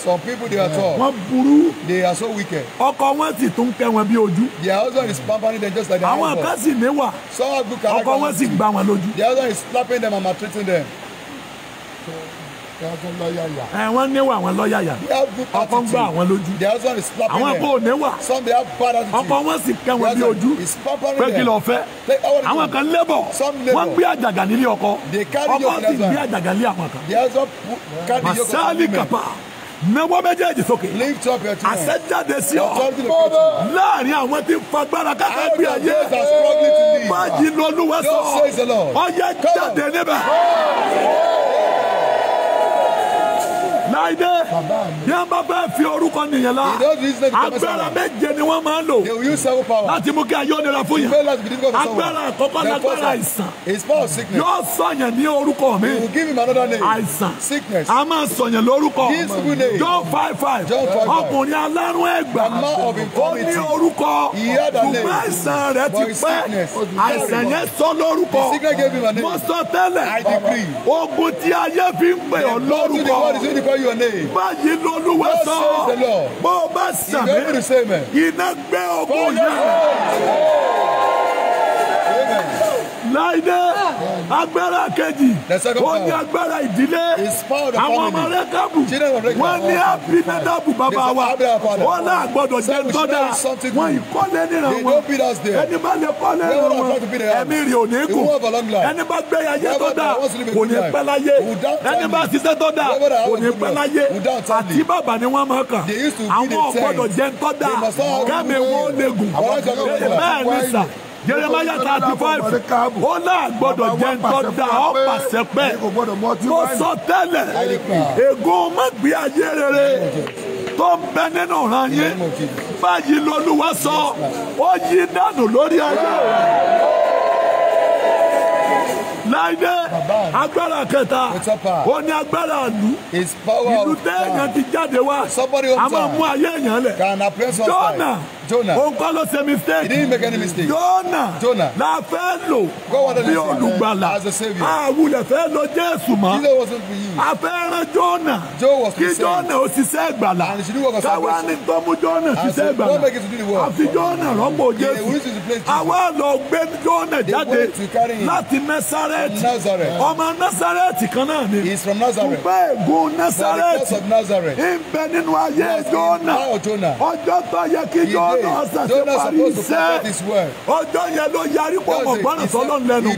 some people they are eh, tall. wọ́n burú. they are so wicked. ọkọ wọn sì tún kẹ́ wọn bí ojú. their husband is pampering them just like their husband. àwọn kan sì níwà. some have good character. ọkọ wọn sì gbà wọn lójú. their husband is slapping them and maltreating them. ẹ eh, wọ́n níwà wọn lọ́yàyà. ọkọ ń gbà wọn lójú. their husband is slapping them. àwọn kò níwà. some they have bad attitude. ọkọ wọn sì kẹ́ wọn bí ojú. pé kí lọ fẹ́. àwọn kan lébọ̀. wọ́n gbé àjàgà nílé ọkọ. ọkọ sì gbé àjàgà nílé àwọn kan. masali kapa. Nawọ́ méjèèjì sókè. Lift up your hands. Àṣẹjáde sí ọ. Láàárín àwọn tí ń fagbára káká gbé ayé. Májì lọ́lúwa sọ. Ọyẹ jáde níbẹ̀ láìdé ní wọn bá fẹ́ fi orúkọ nìyẹn la agbára méje ni wọ́n máa ń lò láti mú kí ayé onira fún yẹn agbára àkọ́kọ́ lágbára àìsàn yóò sọ̀yàn ní orúkọ mi àìsàn a máa sọ̀yàn lórúkọ John five five ọkùnrin alárùn ẹgbà ó ní orúkọ ṣùgbọ́n àìsàn rẹ ti pẹ́ àìsàn yẹn sọ lórúkọ mo sọ tẹ́lẹ̀ ogun tí ayé fi ń pè ọ́ lórúkọ your name. báyìí lọ́lúwa sọ bó o bá sàmì iná gbé ọkọ oh, yẹn láìdé agbára kejì ó ní agbára ìdílé àwọn ọmọ rẹ́kàbù wọ́n ní abinadabu bàbá wa wọ́n náà gbọ́dọ̀ jẹ́ tọ́da wọ́n ìkọ́lé níran wọn ẹni bá lè kọ́lé níran wọn ẹ̀mí rè ò ní kù ẹni bá gbé ayé tọ́da kò ní pẹ́ láyé ẹni bá ṣiṣẹ́ tọ́da kò ní pẹ́ láyé àti bàbá ni wọ́n máa kàn àwọn ọ̀gbọ́dọ̀ jẹ́ tọ́da kẹ́mi wọ́n lè gùn bẹ́ẹ̀ ní sà. Jeremiah thirty five ó náà gbọ́dọ̀ jẹ́ ntọ́da ọ́ pàṣẹ pẹ́ mo sọ tẹ́lẹ̀ ègún má ayé rere tó ń bẹ nínú ọ̀ràn yín báyìí lolúwa sọ ó yí dànù lórí ayé rẹ láìdé agbára kẹta ó ní agbára àlù ìlú tẹ́ẹ̀yàn ti jáde wá a máa mú ayé èèyàn lẹ̀ jọ́nà. Jonah. Òun kọ́ ló ṣe mistake. He didn't make any mistake. Jonah. Jonah. La fẹ́ lò. God wanted to use olùgbàlà. As a savior. saviour. Àwùlẹ̀ fẹ́ lọ Jésù mọ́. Jesus wasn't for you. A fẹ́ rán Jonah. Joe was the same. Kí Jonah ó ṣiṣẹ́ ìgbàlà. And she did work as a person. Káwá ni tó mú Jonah ṣiṣẹ́ ìgbàlà. Don't make it to do the work. Àfi Jonah rọ́pò Jésù. They wanted to replace Jesus. Àwa lọ gbé Jonah jáde. They wanted to carry him. Láti Nazareth. Nazareth. Ọmọ Nazareth kan náà ni. He is from Nazareth. Ṣùgbọ́n ègún Nazareth. But because of Nazareth. Ń bẹ nínú ayé Jonah. Ọjọ́ tó yẹ kí Jonah ọ̀sẹ̀ ti parí iṣẹ́ ọjọ́ yẹn ló yarí pọ̀ ọ̀gbọ́nà sọ́lọ́ lẹ́nu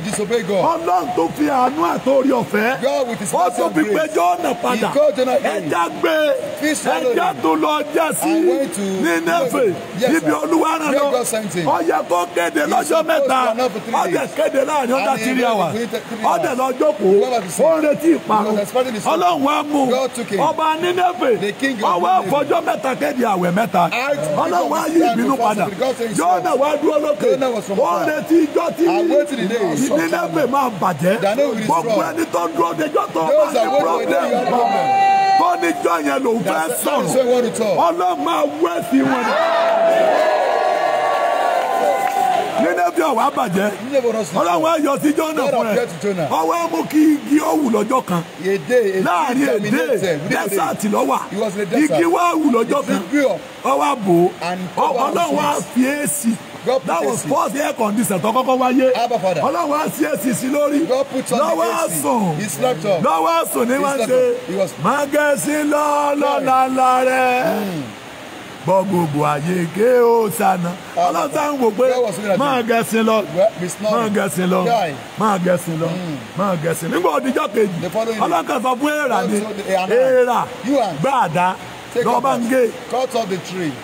ọlọ́run tó fi àánú àtòrí ọ̀fẹ́ ó tó fi pé jọ́nà padà ẹja gbé ẹja tó lọ ọjà sí Nínéfè níbi olúwa rán lọ ọyẹ kó kéde lọ́jọ́ mẹ́ta ọdẹ kéde láàrin ọdẹ tìrì àwà ọdẹ lọ́jọ́ kó ó ń retí ìparun ọlọ́run wa mú ọba Nínéfè ọwọ́ àfọjọ́ mẹ́ta kéde àwẹ̀ mẹ́ta ọlọ́run wa yí ìbínú padà Jónà wá dúró lókè ó retí ijọ́ tí ìnínáfè máa bàjẹ́ gbogbo ẹni tó dúró dejọ́ tó bá ní problem tó níjọ́ yẹn ló fẹ́ sọ̀rọ̀ ọlọ́mọ awẹ́sì wọn níbi ọ̀wá bàjẹ́ ọlọ́run ayọ̀ sí jọ́nà fún ẹ ọwọ́ mú kí igi ọ̀wù lọ́jọ́ kan láàrin èdè dẹ́sàtì lọ́wà igi wá wù lọ́jọ́ kan ọwọ́ àbò ọlọ́run á èsì that was first air condition tó kọ́kọ́ wáyé ọlọ́run sí èsì sí lórí lọ́wọ́ àsùn lọ́wọ́ àsùn ni wọ́n ṣe mágẹ́sí lọ́ọ́lọ́lá rẹ̀. Mm gbọ́ gbogbo àyè ké ó sànà ọlọ́sàn wò pé máa gẹ̀sìn lọ máa gẹ̀sìn lọ máa gẹ̀sìn lọ hmm. máa gẹ̀sìn nígbà òdìjọ́ kejì ọlọ́kàn sọ fún èèrà ni èèrà gbáàdá lọ bá ń gé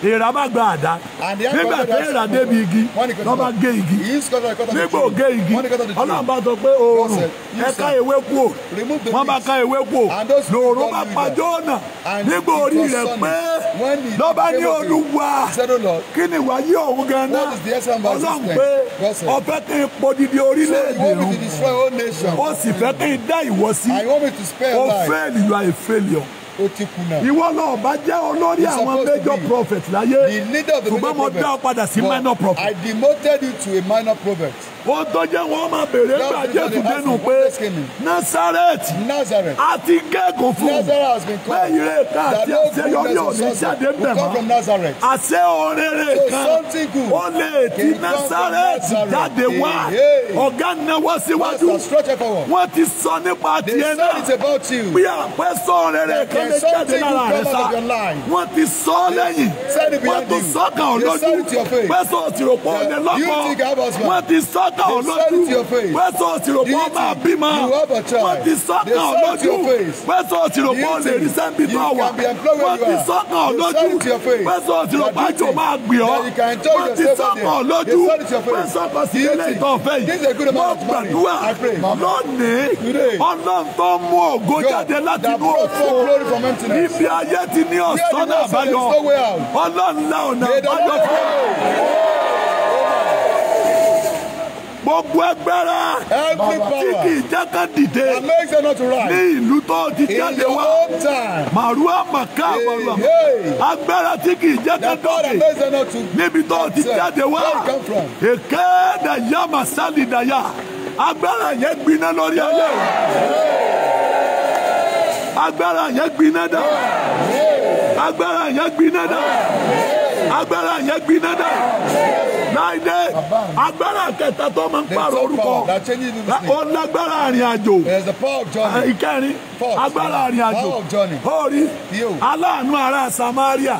èèrà bá gba àdá nígbà tí èèrà débi igi lọ bá gé igi nígbà ò gé igi ọlọ́run bá sọ pé oòrùn ẹ ká ewé kú o wọ́n bá ká ewé kú o lòòrùn bá pa Jónà nígbà orí rẹ̀ pé lọ bá ní Olúwa oh, kí ni wàá yí òun gan-an ọlọ́run pé ọ̀fẹ́ kí n podidi orílẹ̀-èdè rú ó sì fẹ́ kí n dá ìwọ sí o fail you are a failure ó ti kùnà. ìwọ náà bá jẹ́ olórí àwọn major prophet láyé. the leader of the major ṣùgbọ́n mo dá ọ padà sí minor prophet. I demoted you to a minor prophet. ó tó jẹ́ wọn máa béèrè nígbà Jésù dénú pé Nazareth Nazareth a ti kẹ́kọ̀ọ́ fún Nazareth has been called bẹ́ẹ̀ yìí ká àti àṣeyọrí òní ṣàdé mẹ́mọ́ àṣẹ òrèrè kan ó lè ti Nazareth jáde wá ọ̀gá náwó síwájú wọ́n ti sọ nípa tiẹ̀ náà bí àpẹ́sọ̀ òrèrè kan ló lè jáde lára rẹ sá wọ́n ti sọ ọ́ lẹ́yìn wọ́n ti sọ́kàn ọ́ lójú pẹ́sọ́ òsìròpọ̀ ọ̀lẹ́ lọ́kọ̀ wọ́n ti sọ́kàn ọ́ lójú pẹ́sọ́ òsìròpọ̀ ọba bímọ wọ́n ti sọ́kàn ọ́ lójú pẹ́sọ́ òsìròpọ̀ ọ̀lẹ́ rísẹ́ǹbì tó wà wọ́n ti sọ́kàn ọ́ lójú pẹ́sọ́ òsìròpọ̀ àjò máa gbì ọ́ wọ́n ti sọ́kàn ọ́ lójú pẹ́sọ́ kọ́sílẹ̀ ìtọ́fẹ́ yìí wọ́n gbàdúrà lónìí ibi ayé ti ní ọ̀sán àbáyọ ọlọ́run la ọ̀nà àbáyọ fún now. gbogbo agbára tí kì í jẹ́ ká dìde ní ìlú tó ti jáde wá màrú àmàká àwọ̀lọ̀ agbára tí kì í jẹ́ ká dọ̀kì níbi tó ti jáde wá èké dàyà màsálì dàyà agbára yẹn gbiná lórí ayé rẹ agbára yẹn gbiná dà agbára yẹn gbiná dà agbára yẹn gbiná dà láìdé agbára kẹta tó máa ń pààrọ̀ orúkọ ó lágbára àrìn àjò ah, ìkẹrin agbára àrìn àjò orí aláàánú ará Samaria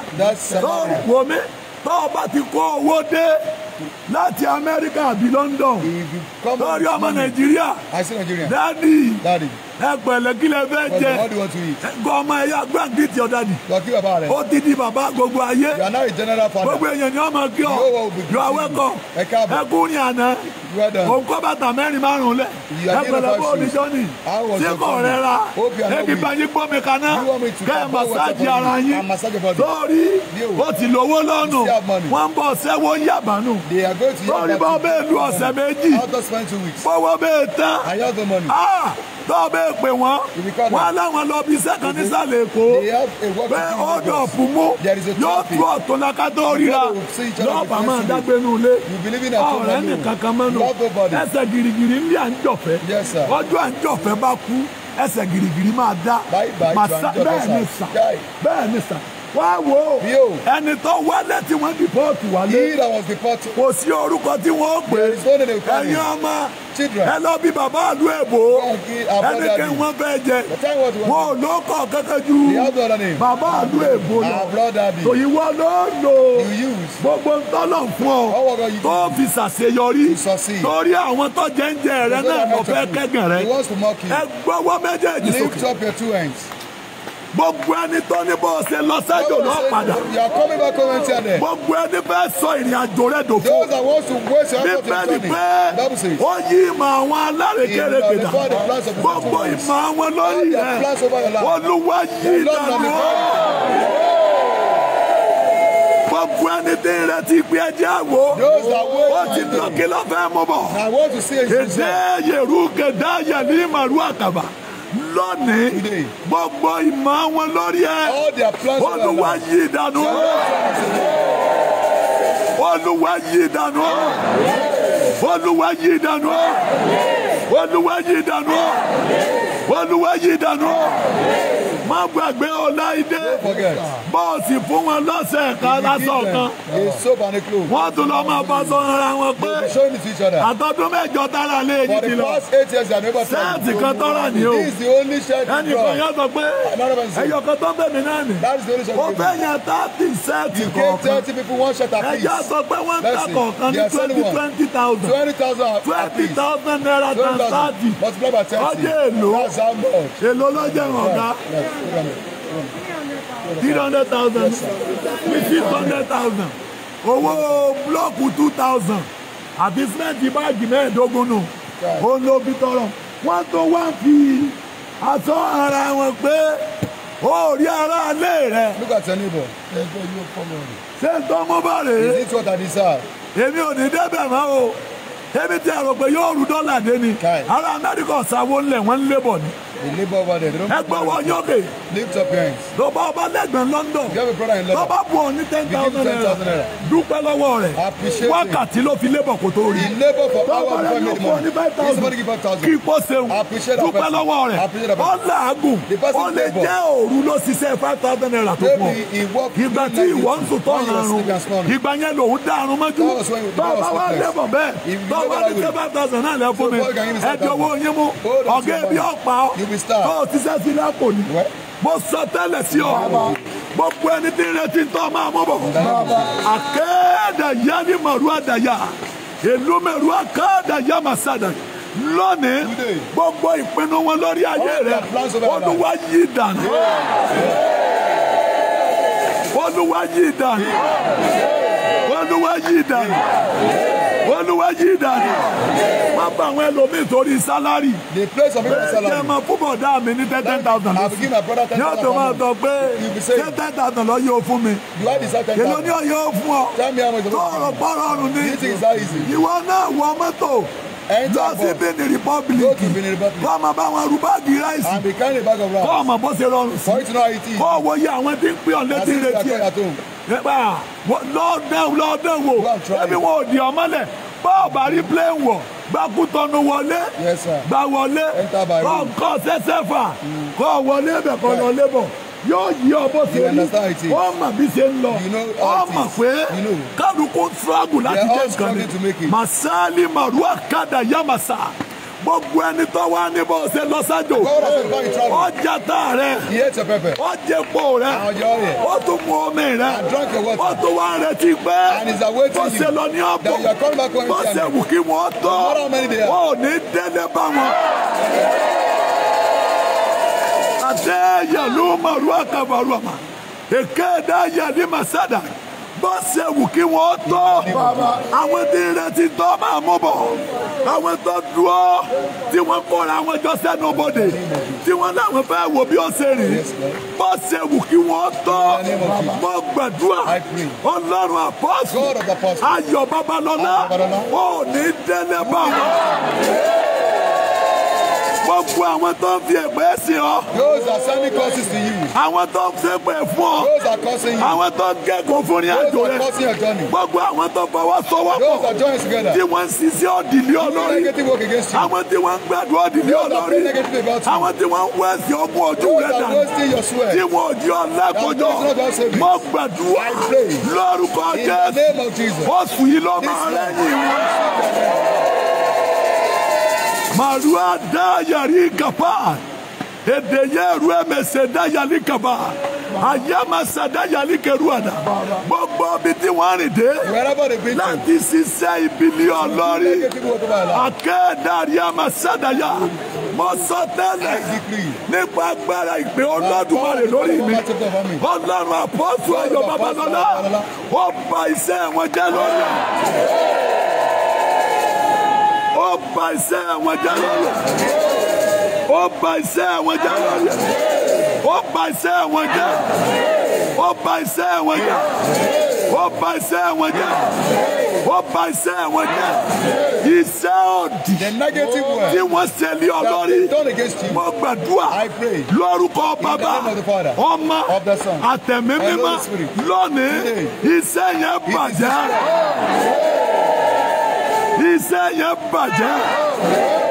tó wọmé tó bá ti kó owó dé láti amẹ́ríkà àbí london lórí ọmọ nàìjíríà dáàdì ẹ pẹ̀lẹ́ kí lẹ fẹ́ jẹ gọmọ ẹ̀yà gbàǹdì tí ọ dadi ó ti di bàbá gbogbo ayé gbogbo èèyàn ni ọmọ kí ọ yọ awẹ́kọ̀ ẹkú ní àná òǹkọ́ bàtà mẹ́rin márùn-ún lẹ̀ ẹ pẹ̀lẹ́ bó ní jọ́nì tí kò rẹ́ra ẹbí báyìí gbọ́mi kaná kẹ́ ẹ màsáàjì ara yín lórí ó ti lówó lọ́nù wọ́n ń bọ̀ sẹ́wó yàbánù lórí bá bẹ́ẹ̀ lu ọ̀sẹ̀ méjì fọwọ́ bẹ́ẹ̀ tán tọ́ ah, bẹ́ẹ̀ pè wọ́n wọ́n láwọn lọ bí sẹ́kàn nísàlẹ̀ èkó pé ó dọ̀ fún mú yóò tú ọ̀tún lákàtọ́ ríra lọ́ọ̀bà máa ń dágbénú ilé ọ̀rẹ́ nìkan kan mẹ́nu ẹsẹ̀ gìrìgìrì ń lé à ń jọ̀fẹ́ ọjọ́ à ń jọ̀fẹ́ bá kú ẹsẹ̀ gìrìgìrì máa dá bẹ́ẹ̀ ni sà bẹ́ẹ̀ ni sà wá wò ó ẹni tó wálé tí wọ́n dìpọ́ọ̀tù wálé kò sí orúkọ tí wọ́n pè ẹ̀yin ọmọ ẹ lọ bí bàbá àlú èbó ẹni kí wọ́n fẹ́ jẹ wọn ò ló kọ̀ kẹ́kẹ́ ju bàbá àlú èbó lọ tòyíwọ́ ló lò gbogbo ntọ́lọ̀ fún ọ tó fi ṣàṣeyọrí torí àwọn tó jẹ́ ń jẹ rẹ náà lọ fẹ́ kẹ́gàn rẹ ẹ gbọ́wọ́ méjèèjì sókè gbogbo ẹni tó ní bó ṣe lọ sẹ́jọ́ lọ padà. gbogbo ẹni fẹ́ sọ ìrìn àjò rẹ̀ dòfo. bíbélì pé ó yí ìmọ̀ àwọn alárèkérekè dà gbogbo ìmọ̀ àwọn lórí rẹ̀ olúwa yí ìdánù gbogbo ẹni tí ń retí pé ẹjẹ wo ó ti lọ kí ló fẹ́ mú bọ̀. ìdè yèrú kẹdá yẹ ní màrú àkàbà lónìí gbogbo ìmọ̀ wọn lórí ẹ olúwa yé e dànù olúwa yé e dànù olúwa yé e dànù olúwa yé dànù olúwa yé dànù má gbàgbé ọ̀la yìí dé bọ́ọ̀sì fún wọn lọ́sẹ̀ kan lásán kan wọ́n tún lọ́ máa bá sọ ara wọn pé àtọ́dún mẹ́jọ tára lé èyí ti lọ sẹ́ẹ̀tì kan tọ́ra ni o ẹnì kan yóò sọ pé ẹyọ kan tó bẹ̀mí náà nì ó fẹ́ yan thirty sẹ́ẹ̀tì kọ̀ọ̀kan ẹjọ́ sọ pé wọ́n ń ta kọ̀ọ̀kan ní twenty twenty thousand twenty thousand naira than thirty ọjọ́ èlò èlò lọ́jọ́ ìwọ̀n ká three hundred thousand with hundred thousand owó búlọ́ọ̀kù two thousand àbí sìmẹ́ǹtì báàgì mẹ́ẹ̀ẹ́dógún nù ó ń lo bí tọrọ wọ́n tó wá fi aṣọ ara wọn pé ó rí ara alẹ́ rẹ. look at your neighbor ẹgbẹ́ yóò fọ́ mi rẹ̀. ṣé n tó mú bá rèé. is it what i deserve. èmi ò ní débẹ̀ mọ́ o èmi ti àròpé yóò rú dọ́là dé ni ara amẹ́ríkà ọ̀sà wo ń lẹ̀ wọ́n ń lébọ̀ ni ilé bá ọba dẹ̀dúró. ẹgbẹ́ owó yókè. lift up your hands. ló bá ọba lẹ́gbẹ̀ẹ́ London. you have a brother in London. ló bá bu ní ten thousand naira. dúpẹ́ lọ́wọ́ rẹ̀. appreciate him. wákàtí ló fi labour kò tó rí. he labour for hour before he money. give him five thousand. kí kó seun. appreciate that person. dúpẹ́ lọ́wọ́ rẹ̀. ó làágùn. the person labour. ó lè jẹ́ òru ló ṣiṣẹ́ five thousand naira tó pọ̀. ìgbà tí ìwọ ń sùn tọ́ àrùn. ìgbà yẹn lòun dá àrùn mọ́jú. bàbá wa labour bẹ́ẹ̀. bàbá wa ní seven thousand náà lẹ́ fún mi. ẹ tó o ti sẹ́ sí lápò ni mo sọ tẹ́lẹ̀ sí ọ gbogbo ẹni tí ń retí tó máa mú bọ̀ akéèdàyà ni màrú àdàyà èlú mẹ́rù akéèdàyà màsàdà lónìí gbogbo ìpinnu wọn lórí ayé rẹ olúwa yí dànù olúwa yí dànù olúwa yí dànù olúwa yí dànù má bá àwọn ẹlòmíì torí sálárì jẹ́ mọ púpọ̀ dá mi ní ten ten thousand lọ́sùn yóò tó máa tọ pé ten ten thousand lọ́ yóò fún mi èlò ni yóò fún ọ tó ọ̀rọ̀ pọ̀ rọrùn ni ìwọ náà wọ mọ́tò lọ sí bíní rìpọ́bìlìkì kọ́ ọmọ bá wọn rú báàgì ráìsì kọ́ ọmọ bó ṣe rọrùn sí kọ́ owó yẹ àwọn tí ń pín ọ̀n létí retí ẹ̀ lọ́ọ̀dẹ́wò lọ́ọ̀dẹ́wò ẹbí wọn ò di ọmọlẹ̀ bọ́ọ̀bà rí plane wọ̀ gbàkútọ́nu wọlé gbà wọlé kọ́ ọ̀kọ́ sẹ́sẹ́ fà kọ́ wọlé bẹ̀ kọ́ lọ lébọ̀ yóò yí ọ bó ṣe rí wọ́n mà bí ṣe ń lọ wọ́n mà pé kálukú tíráàgù láti jẹ́ nǹkan ni màsáálì màrúwà kádà yá màsà gbogbo ẹni tó wá ní bó ṣe lọ sájò ọjà tá rẹ ọjà epo rẹ ó tún mú omi rẹ ó tún wá retí pé bó ṣe lọ ní ọ̀bọ̀ bó ṣe wù kí wọ́n tó wọn ò ní délé bá wọn ade yaluma ruakabaruama ekeda yalimasada bó ṣe wù kí wọ́n tó àwọn tí ìrètí tó máa mú bọ̀ àwọn tó dúró tí wọ́n kóra àwọn jọ sẹ́nu bodè tí wọ́n láwọn fẹ́ wò bí ó ṣe rí bó ṣe wù kí wọ́n tó mo gbàdúrà ọlọ́run àpọ́sù ayọ̀ babalọ́lá ò ní délé bá gbogbo àwọn tó ń fi ẹ̀gbẹ́ sí ọ. those are sending curses to you. àwọn tó ń ṣépè fún ọ. those are cursing you. àwọn tó ń gẹ̀gùn fún ní àjò rẹ. those are cursing your journey. gbogbo àwọn tó fọwọ́ sọ́wọ́ pọ̀. those are joining together. tí wọ́n ń sisi ọ̀dìlẹ̀ olórí. àwọn tí wọ́n ń gbàdúrà ọ̀dìlẹ̀ olórí. those are negative about you. àwọn tí wọ́n ń wá sí ọmọ ọdún rẹ dànù. those are wasting your sweat. tí wọ́n di ọ̀la kọjọ. mo gbàdúrà in the name of Jesus. Marua da yari kapa. Edeye rue da yali kapa, Ayama sa da yali keruada. Gbogbo ibi tí wọ́n rìn dé. Láti ṣiṣẹ́ lori. ní da Akẹ́dàrí sa da ya. Mo sọ tẹ́lẹ̀ nípa agbára ìpè Olódùmarè lórí mi. Ọlọ́run àpọ́sù Ayọ̀ Babalọ́lá. Ó bà iṣẹ́ wọn jẹ́ lórí ó bà iṣẹ́ àwọn jẹ́ lọ́lẹ̀ ó bà iṣẹ́ àwọn jẹ́ lọ́lẹ̀ ó bà iṣẹ́ àwọn jẹ́ ó bà iṣẹ́ àwọn jẹ́ ó bà iṣẹ́ àwọn jẹ́ ó bà iṣẹ́ àwọn jẹ́ iṣẹ́ ọ̀dì tí wọ́n ṣe lé ọ lórí mo gbàdúrà lórúkọ bàbá ọmọ àtẹ̀mí mímọ́ lónìí iṣẹ́ yẹn bàjẹ́. Say your bàjẹ́.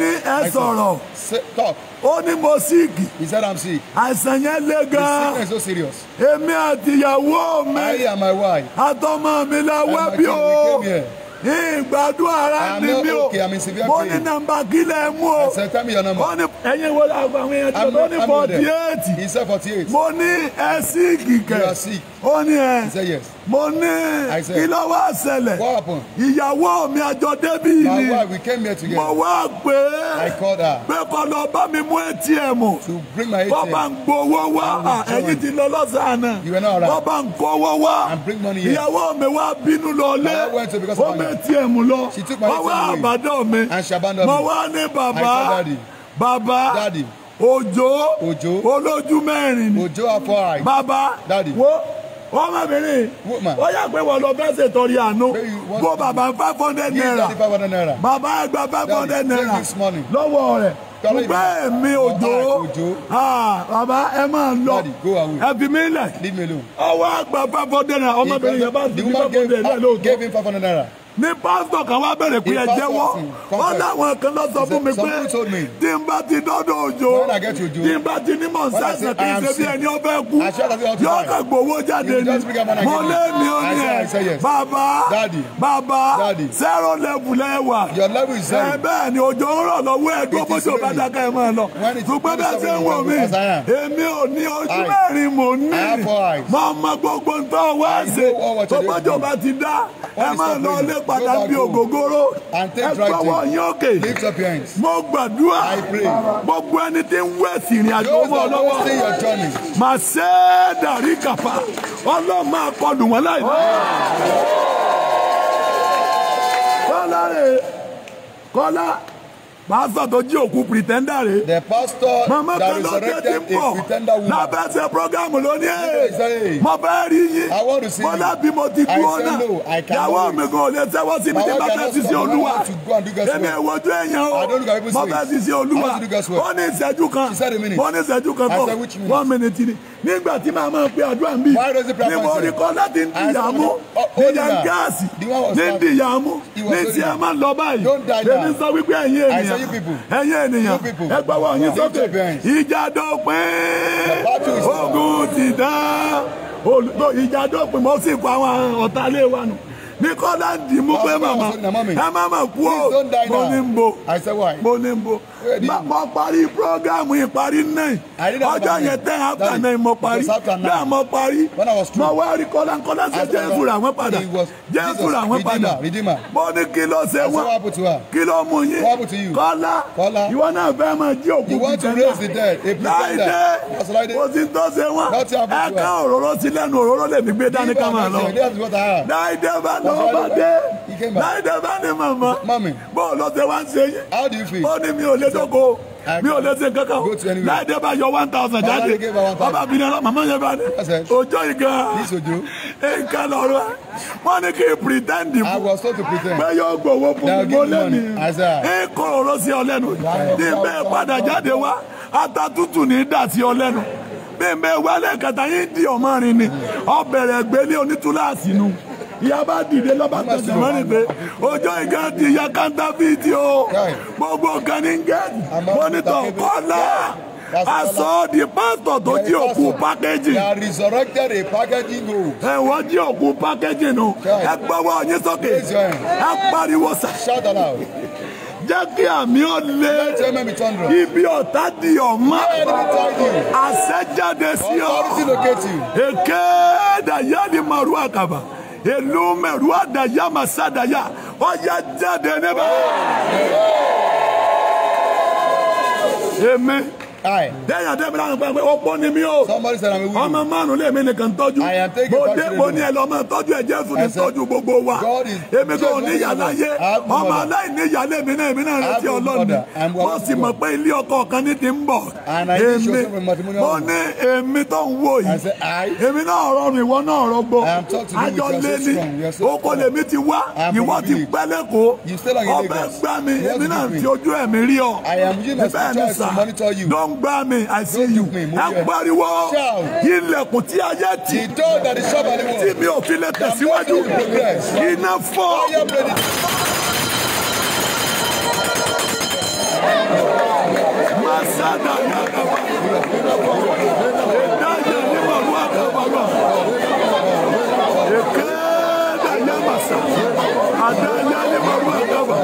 ní ẹ sọ̀rọ̀ ó ní mo sick. he i'm àìsàn yẹn le gan. so serious. èmi àti ìyàwó mi. àtọmọ mi la wá bí o ìgbádùn ara ni mi o mo ní nọ́mbà gílẹ̀ mú o mo ní ẹyin wo àwọn èèyàn tí mo ní forty eight mo ní ẹ sí gìgẹ̀ ó ní ẹ mo ní kí ló wá ṣẹlẹ̀ ìyàwó mi àjọ débì ni mo wá pé pé kó lọ bá mi mú ATM kó bá ń gbowó wá ah, ẹ̀yìn ti lọ lọ́sàn-án náà kó bá ń kówó wá ìyàwó mi wá bínú lọ lé omi ATM lọ wọ́n wá àbádọ́ mi mo wá ní bàbá bàbá òjò olójú mẹ́rin ni bàbá wo ọmọbìnrin ó yà pé wọ́n lọ bẹ́ẹ̀ ṣe tọrí àánú bó bàbá five hundred naira bàbá gba five hundred naira lọ́wọ́ rẹ̀ gbẹ́ mi òjò bàbá ẹ máa lọ ẹ fi mi lẹ̀ ọwọ́ àgbà five hundred naira ọmọbìnrin yẹn bá di five hundred naira lóòótọ́ ní pásítọ̀ kan wá bẹ̀rẹ̀ pé ẹ jẹ́wọ́ wọ́n láwọn kan lọ sọ fún mi pé tí n bá ti dọ́dọ̀ òjò tí n bá ti ní mọ̀nsẹ́sẹ̀ kì í ṣe bí ẹni ọbẹ̀ kú yóò kàn gbowó jáde ni mo lé mi ó ní ẹ bàbá bàbá zero level ẹ wà ẹ bẹ́ẹ̀ ni òjò ń rọ̀ lọ́wọ́ ẹ dúró bójú ò ẹ máa lọ ṣùgbọ́n bẹ́ẹ̀ ṣe ń wò mí èmi ò ní ojú mẹ́rin mò ń ní mo mọ gbogbo nǹkan wá ṣe tó bójú ò ti dá ẹ máa lọ lẹ́kọ̀ọ́ padà bí ògógóró ẹ gbọ́wọ́ yín òkè mo gbàdúrà gbogbo ẹni tí ń wẹ̀ sí ìrìn àjò mọ́ lọ́wọ́ mà ṣe é dàrí kàfà ọlọ́run máa kọlù wọn láì lọ́wọ́. kọ́lá rẹ̀ kọ́lá pásítọ̀ tó jí òkú pìrìtẹ́ndà rè. the pastor Mama that resurrected a pretender. woman. mama kan lọ́jọ́ ti pọ̀ mo fẹ́ rí yín. I want to see you. mo lábí mo ti kú ọ̀nà. ìyàwó mi kò lè sẹ́wọ́ síbi tí bá fẹ́ sisi olúwa. èmi ìwojú ẹ̀yàn o. mo fẹ́ sisi olúwa. ó ní ìṣẹ́jú kan. ó ní ìṣẹ́jú kan kọ́. one minute ni. nígbà tí màá máa pe àdúrà mi. ni mo rí kọ́ láti ń dìyàmú. ní yàn gáàsì. ní ń dìyàmú. ní tí máa lọ báyìí. èmi sọ wípé ẹ̀yin ènìyàn ẹ̀yin ènìyàn ẹ yín sókè ìjà dópin ogun ti dán ìjà dópin mo sì kó àwọn ọ̀tá lé wa nù ní kọ́ńdà dì mú pé màmá ẹ má mà kú o mo ní ń bo mo ní ń bo mo parí programu ìparí nine ọjọ́ yẹn ten after nine mo parí bẹ́ẹ̀ mo parí mo wá rí kọ́lá kọ́lá ṣe jésù rà wọ́n padà jésù rà wọ́n padà mo ní kí ló ṣe wọ́n kí ló mú yín kọ́lá ìwọ náà fẹ́ máa jí òkú kìtẹ́ náà láìdé kò sí tó ṣe wọ́n ẹ ká òróró sí lẹ́nu òróró lèmi gbé dání ká máa lọ láìdé bá lọ́ọ́ bá dé láìdé bá ní màmá bọ́ọ̀lù ọ̀sẹ̀ wá ń ṣe yín ó ní mi ò lè jókòó mi ò lè ṣe kankan láìdé bá yọ one thousand jáde bàbá mi náà màmá yẹn bá ní ọjọ́ ìgan nǹkan lọ́rọ́ wọ́n ní kí n pretend fún pé yóò gbowó fún mi mo lẹ́nu ẹ kọ́ ọ̀rọ̀ sí ọ lẹ́nu ní bẹ́ẹ̀ padà jáde wá ata tútù ní dà sí ọ lẹ́nu bí n bẹ́ẹ̀ wálé kàtà yín di ọmọ rin ni ọ bẹ̀rẹ̀ gbélé onítúláàsì nu ìyá bá dìde lọ́ba tó jẹ mọ́ ni pé ọjọ́ ìkan ti ya kántáfíìtì o gbogbo nǹkan ní gẹ́ẹ̀tì mọ́nítọ̀ kọ́lá aṣọ di pastor tó jí òkú packaging. they are resurrected a packaging o. ẹ wọ́n jí òkú packaging nù ẹ gbọ́wọ́ yín sókè ẹ pariwo sá. shout aloud. jẹ́ kí àmì ibi ọ̀tá di ọ̀ma àṣẹjáde sí ọ èké dàyà ni màrú àkàbà elume ruadaya masadaya ọ̀yà jáde níbẹ̀. Amen dẹ́yà dẹ́mi láwọn pẹ́ pé opó ni mí o ọmọ márùn lèmi nìkan tọ́jú mo dé mo ní ẹ lọ ọmọ tọ́jú ẹ Jésù ní tọ́jú gbogbo wa èmi kò ní ìyá láyé ọmọ aláìní ìyá lèmi náà èmi náà retí ọlọ́ni mo sì mọ̀ pé ilé ọkọ kan ní ti ń bọ̀ èmi mo ní èmi tó ń wò yìí èmi náà rọrùn ìwọ náà rọgbọ àjọ lé ní oko lèmi ti wá ìwọ ti pẹ́ lẹ́kọ̀ọ́ ọbẹ̀ gbá mi èmi náà ti ojú ẹ̀mí rí ọ bẹ́ẹ̀ ni sà don't gbá mi I see you ẹ pariwo ilẹ̀kùn tí ayé tì tí mi ò fi lè tẹ̀síwájú iná fọ́. Masada yagaba, edaja ni waru agaba, ekeda yamasa, adaja ni waru agaba,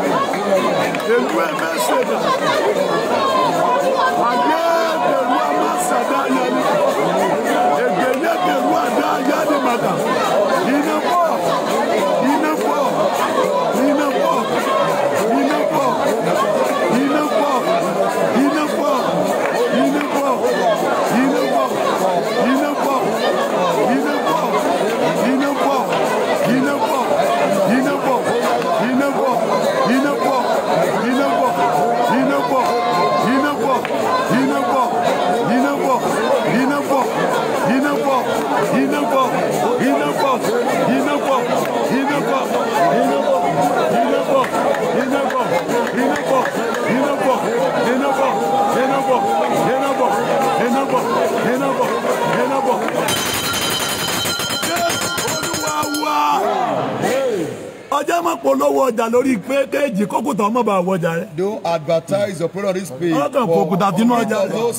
ọjọ́ máa polówó ọjà lórí pékéèjì kókùtà ọmọ bá wọjà rẹ. don't advertise your product this page. wọ́n kàn fòkùtà sínú ọjà rẹ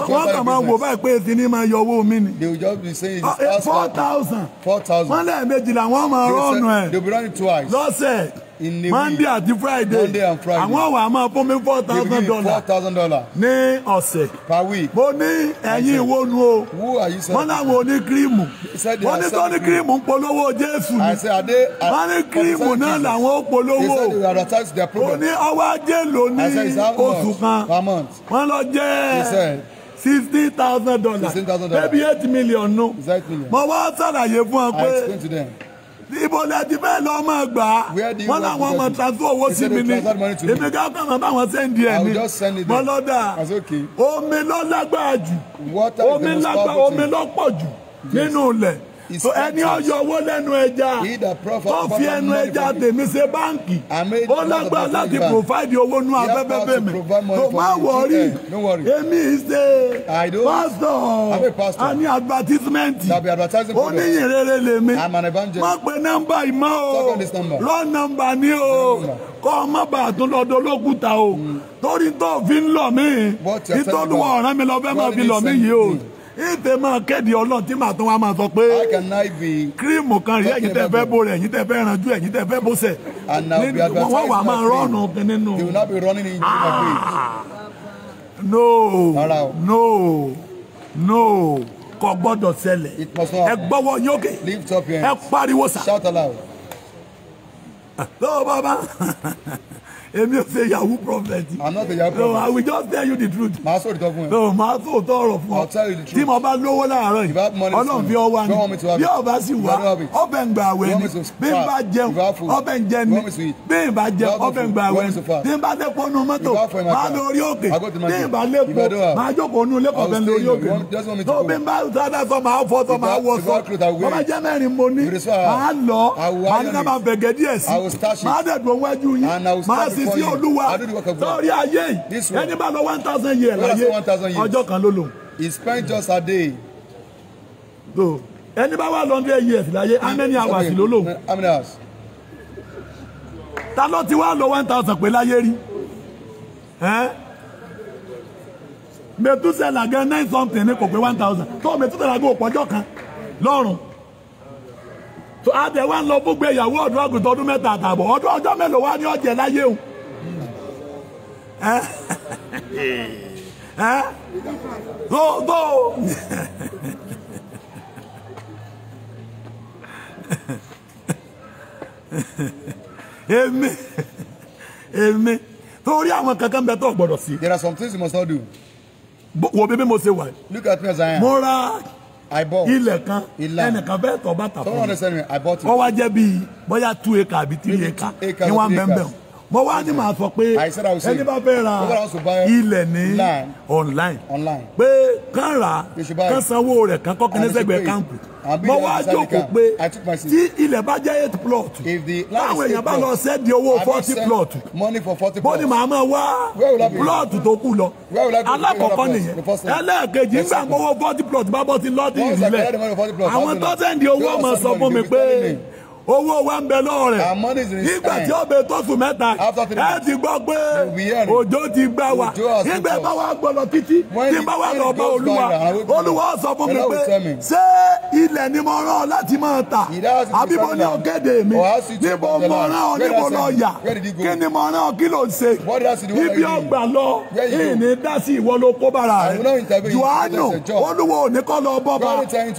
wọ́n kàn máa wò báyìí pé èsì ni máa yọ owó mi ni. they will just be saying it's ah, eh, four thousand. four thousand. wọ́n lẹ́ẹ̀mejì làwọn máa rọ́ọ̀nù ẹ̀. they will be running twice. lọ́sẹ̀. In the monday àti friday monday and friday And wà á máa fún four thousand dollars four thousand dollars ní ọ̀sẹ̀ per week mo ní ẹ̀yin ìwo nu who are you saying? I on cream. cream. polo. selling wọ́n láwọn oní cream on ní tó polo. kírímù ń polówó jésù ni wọ́n program. kírímù náà làwọn ó polówó o ní ọwọ́ ajé Per month. oṣù kan wọ́n He said. sixteen thousand dollars Sixteen thousand dollars. maybe eight million no. Exactly. nu mo wá sàlàyé fún ọ pé ibo lẹ ti fẹ́ lọ ọmọ gbà wọn làwọn ọmọ transfer owó sí mi ni èmi ká kàn máa bá wọn sẹ́ndì ẹ̀ ni mo lọ dà omi lọ lágbára jù omi lọ pọ̀ jù nínú ilẹ̀ ẹni ọyọ owó lẹ́nu ẹja tó fi ẹnu ẹja tèmi ṣe báǹkì ó lágbára láti provide owó nú afẹ́fẹ́ payment tó má wọrí èmi ṣe pásítọ̀ àní advertisement oníyìn rere lèmi má pe nọ́mbà ìmọ̀ o lọ nọ́mbà ni o kọ́ ọ má bàa tún lọ́dọ̀ olókùúta o mm. torí tó fi ń lọ mí ìtọ́lùwọ̀ ọ̀rẹ́ mi lọ fẹ́ máa fi lọ mí yìí o ètè máa kéde ọlọ́run tí màá tún wá máa sọ pé kírímù kan rí ẹ̀yin tẹ́ fẹ́ bó rẹ̀ ẹ̀yin tẹ́ fẹ́ ranjú ẹ̀yin tẹ́ fẹ́ bó sẹ̀ wọ́n wà máa rọ́ọ̀nù nínú. Ah. no no no kò gbọ́dọ̀ ṣẹlẹ̀ ẹ gbọ́wọ́ yókè ẹ pariwo sà. tó bá bá èmi ò ṣe yahoo prophet. i'm not a yahoo prophet. no i will just tell you the truth. màá sọ òtítọ́ fún ẹ. no màá sọ òtọ́ ọ̀rọ̀ fún ọ. i'll tell you the truth. tí mo bá lówó láàárọ̀ yìí ọlọ́run fi ọwọ́ ni bí ọba sì wá ọbẹ̀ ń gba àwẹ̀ ni bí n bá jẹun ọbẹ̀ ń jẹ ni bí n bá jẹun ọbẹ̀ ń gba àwẹ̀ ni bí n bá lẹ́pọ̀ nu mọ́tò máa lọ orí òkè bí n bá lẹ́pọ̀ máa jókòó nu lẹ́pọ̀ bẹ́ẹ̀ lórí òkè tó bí n bá sáadà sọ máa fọ sọ máa wọ sọ bọ́bá jẹ́ mẹ́rin mo ní máa lọ máa ní ká máa bẹ̀gẹ̀ fi sí olúwa sórí ayé yìí ẹni bá lọ one thousand years láyé ọjọ́ kan ló lò. he spent just a day. so ẹni bá wà hundred years láyé how many hours ló lò. how many hours. ta ló ti wá lọ one thousand pé láyé rí. mẹtúsẹ̀lá gan nine something ní kò pé one thousand tó mẹtúsẹ̀lá gan òpọ̀jọ́ kan lọ́rùn àtẹ̀wá ń lọ gbogbo ìyàwó ọ̀dọ́ àgùntàn ọdún mẹ́ta àtààbọ̀ ọdún ọjọ́ mélòó wá ní ọ̀jẹ̀ láyé o Go, go! Èmi, èmi, torí There are some things you must not do. Wo bíbí mo ṣe wà. Look at me as I am. Mo ra ilẹ̀ kan ẹnìkan bẹ́ẹ̀ tọ́ bàtà fún mi. Someone understand me, I bought it. Ó wá jẹ́ bíi bóyá two acre àbí three acre ní wọ́n bẹ́ẹ̀ bẹ́ẹ̀ o mo wá ní màá sọ pé ẹni bá fẹ́ ra ilẹ̀ ní online pé kán rà kán sanwó rẹ̀ kán kọ́ kíní sẹ́gbẹ̀ẹ́ kámpù mo wá jókòó pé tí ilẹ̀ bá jẹ́ eight plot táwọn èèyàn bá lọ sẹ́ẹ̀dì owó forty plot bó ni màá máa wá plot tó kù lọ alákọ̀ọ́kọ́ nìyẹn ẹlẹ́ẹ̀kejì nígbà gbowó forty plot bá bọ́ sí lọ́ọ̀dì ìrìlẹ̀ àwọn tó sẹ́ẹ̀dì owó máa sọ fún mi pé owó wa ń bẹ lọ́wọ́ rẹ̀ nígbà tí ó bẹ tó sùn mẹ́ta ẹ ti gbọ́ pé òjò ti gbá wa nígbà bá wa gbọ́ lọ títí tí bá wa lọ bá olúwa olúwa sọ fún mi pé ṣé ilẹ̀ ni mo rán ọ láti máa tà àbí mo ní ọ̀gẹ̀dẹ̀ mi níbo mo rán ọ níbo lọ yà kí ni mo rán ọ kí ló ń ṣe ibi ọgbà lọ ìní dá sí ìwọ ló kó bára rẹ Jòhánù olúwa ò ní kọ́ lọ bọ́ bá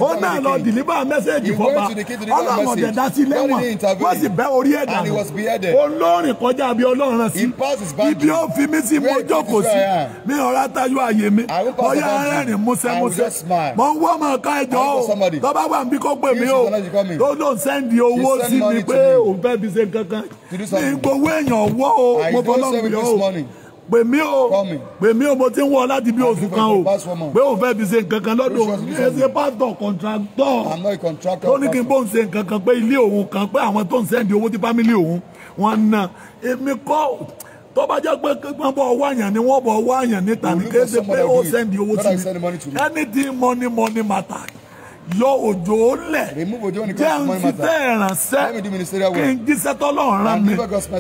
ó náà lọ dìlíbà mẹ́sẹ̀gì fọ́ bá ọlọ́run ọ̀dẹ̀ dá sílẹ̀ lẹ́wọ̀n wọ́n sì bẹ́ orí ẹ̀ dànù olórin kọjá bí ọlọ́run rán sí ibi ó fi mí sí mo jókòó sí mi ọ̀rá tájú àyè mi ọ̀yá rẹ́rìn músẹ́ músẹ́ mọ̀ ń wọ́ ọmọ ọ̀ká ẹjọ́ o tó bá wà níbi kó pè mí o tó ló ń sẹ́ndì owó sí mi pé òun fẹ́ fi ṣe kankan ní gbowó èèyàn wọ́ o mo fọlọ́ pè mí o pè mí o mo ti ń wọ láti bí oṣù kan o pé o fẹ́ fi ṣe nǹkan kan lọ́dọ̀ ṣe pásítọ̀ contractor. tó ní kí n bó ń ṣe nǹkan kan pé ilé òun kan pé àwọn tó ń sẹ́ndì owó tí fámìlì òun wọn na èmi kọ́ tó bá jẹ́ pé wọ́n bọ̀ wá yàn ni wọ́n bọ̀ wá yàn níta ní kéde pé ó sẹ́ndì owó sí mi anything money money matter yọ òjò lẹ̀ jẹ́ n fi tẹ́ kí n jíṣẹ́ tọ́lọ́run rán mi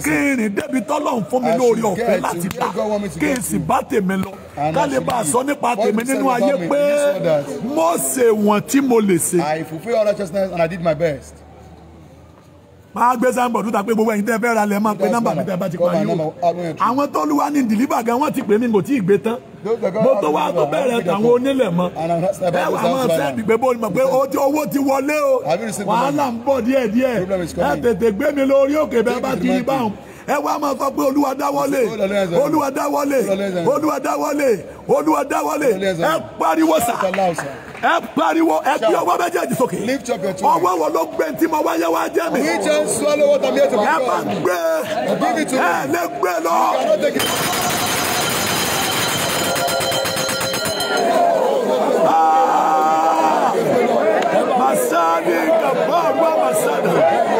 kí n rìn débi tọ́lọ́run fún mi lórí ọ̀fẹ́ láti bá kí n sì bá tèmi lọ ká bá a sọ nípa tèmi nínú ayé pé mo ṣe wọ̀n tí mo lè ṣe. I fulfil all righteousness and I did my best máa gbé sáńbọ̀dù ta pé gbogbo ẹ̀yin tẹ́ fẹ́ ra lẹ̀ máa pe nọ́mbà mi tẹ́ bá ti parí o àwọn tó lu wa ní dìlíbà gan wọ́n ti pè mí kò tí ì gbé tán mo tó wá tó bẹ̀rẹ̀ tàwọn onílẹ̀ mọ́ ẹ wà máa sẹ́ẹ̀dì pé bó mọ̀ pé owó ti wọlé o wàhálà ń bọ̀ díẹ̀díẹ̀ ẹ tètè gbé mi lórí òkè bẹ́ẹ̀ bá kiri báwọn ẹ wá máa sọ pé olúwa dáwọ́lé olúwa dáwọ́lé olúwa dáwọ́lé olúwa dáwọ́lé ẹ pariwo sá ẹ pariwo ẹ gbé ọwọ́ méjèèjì sókè ọwọ́ wọn ló gbé ntí mo wáyé wá jẹ́ mi ẹ máa gbé ẹ lè gbé lọ. Ah! Masani, Kabamba, Masana.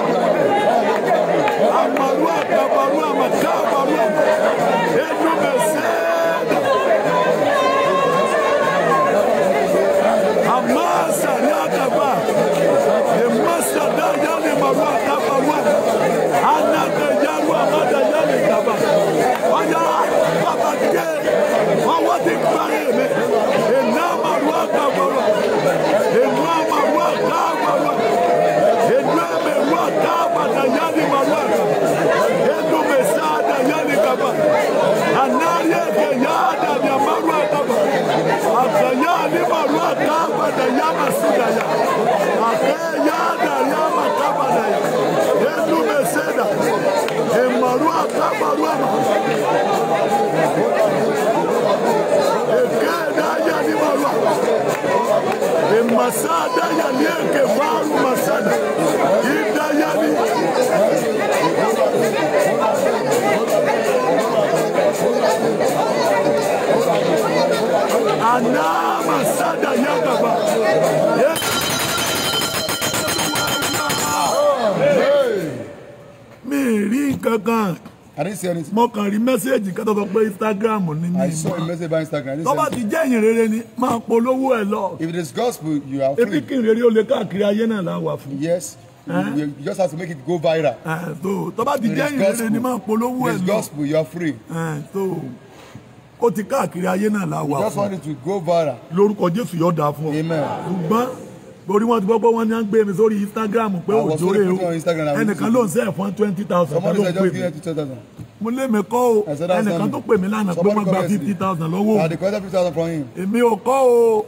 dimbareme enama ruakaboro enama ruakaboro ename ruakaba dayani maruaka edumesa dayani kaba anarie keyada nyamaruakaba akayani maruakaba dayamasudaya akeyada yamakabadaya edumeseda emaruakabaruama masada yalieke faru masada idayani ana masada yagaba mi rí nǹkan kan. I didn't see anything. Mo kàn rí mẹ́sẹ̀gì kan tó sọ Instagram ni mi. I Tó bá ti jẹ́ ìyìn rere ni, máa polówó ẹ̀ lọ. If it gospel, you are free. Ebi kí n rere o lè káàkiri ayé náà la wà fún. Yes, you, eh? just have to make it go viral. Eh, so tó bá ti jẹ́ ìyìn ni, máa polówó ẹ̀ lọ. If it gospel, you are free. Eh, so ti káàkiri ayé náà la wà fún. You just want it to go viral. Lórúkọ Jésù yóò dáa fún ọ. Amen. Ṣùgbọ́n orí wọn ti gbọ́ pé wọ́n ní à ń gbé mi sórí instagram pé òjò rè o ẹnìkan ló ń sẹ́ fún twenty thousand ló ń pè mí mo lé mi kọ́ o ẹnìkan tó pè mí lánàá pé wọ́n gba fifty thousand lọ́wọ́ èmi ò kọ́ o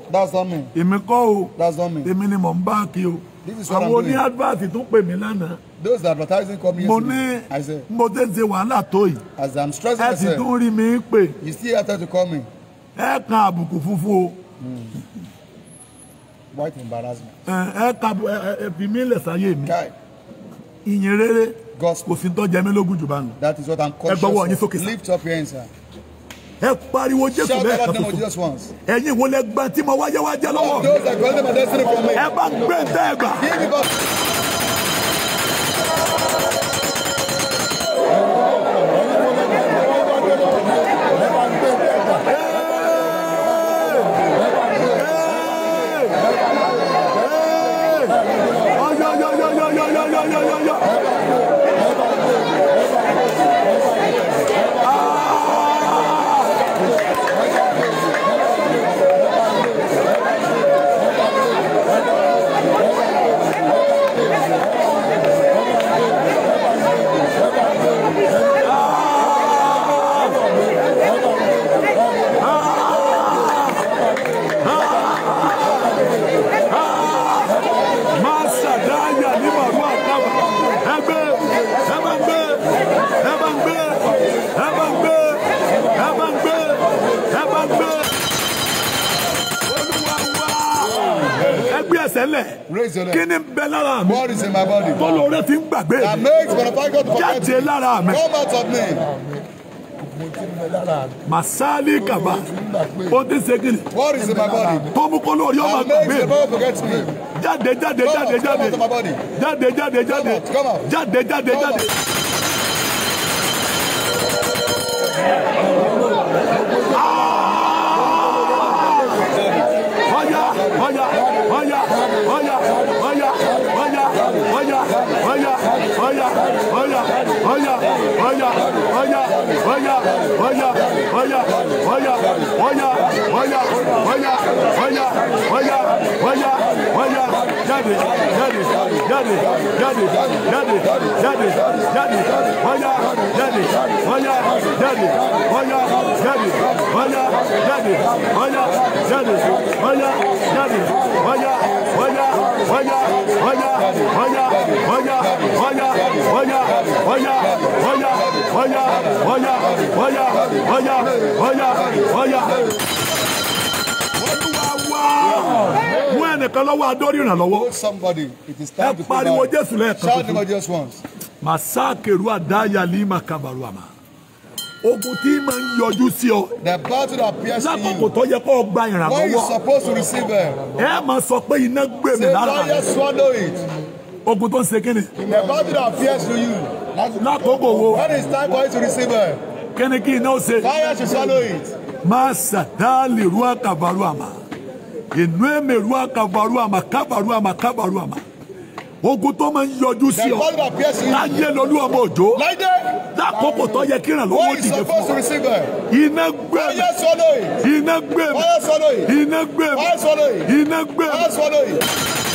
èmi kọ́ o èmi ni mò ń bá kí o àwọn oní advert tó pè mí lánàá those advertising companies. mo ní mo tẹ́ ṣe wàhálà tó yìí. as i'm stressing myself. ẹ ti tún rí mi pè. you still have time to call me. ẹ kan àbùkù funfun o. Hmm white embarrassment. ẹ ká ẹ fi mí lẹ̀ sáyé mi ìyìn rere gospel kò fi tọ́jà mi lógún jù bá that is what i'm conscious of ẹ gbọ́wọ́ yín sókè sá lift up your hands sir. ẹ pariwo jésù bẹ́ẹ̀ kan tuntun ẹ̀yin ìwọlẹ̀ gbọ́n mo wáyé wájẹ́ lọ́wọ́ ẹ bá gbé ń tẹ́ ẹ gbà. tẹ́lẹ̀ kí ni ń bẹ lára mi tọ́lọ́ rẹ fi ń gbàgbé mi jáde lára mi masali kaba o ti segin tọmukolo ori ọma gbàgbé jáde jáde jáde jáde jáde jáde jáde jáde jáde jáde. oya oya oya oya oya oya oya oya oya oya jáde jáde jáde jáde jáde jáde jáde oya jáde oya jáde oya jáde oya jáde oya jáde oya jáde oya oya oya oya oya oya oya oya oya oya oya oya oya ọ̀yà ọ̀yà ọ̀yà. olúwa wá mú Somebody lọ́wọ́ adórí ìrànlọ́wọ́. ẹ pariwo jésù lẹ́ẹ̀kan tuntun. màsá kèrú àdáyà ní màkàbàrú àmà ogun tí the battle that appears to you. Why are you supposed to receive her? Eh, máa sọ pé iná gbé mi lára. say lawyer swallow it. ogun tó ń the battle that appears to you. lákòókò wo. when it's time for you to receive her? Can again now say, Fire to swallow it. Masa dali ruaka baruama. Inweme ruaka baruama, kabaruama, kabaruama. Ogun tó máa ń yọjú sí ọ. Láyé lolú ọmọ òjò. Lákòókò tó yẹ kí ìrànlọ́wọ́ dìde fún ọ. Iná gbé mi. Iná gbé mi. Iná gbé mi. Iná gbé mi.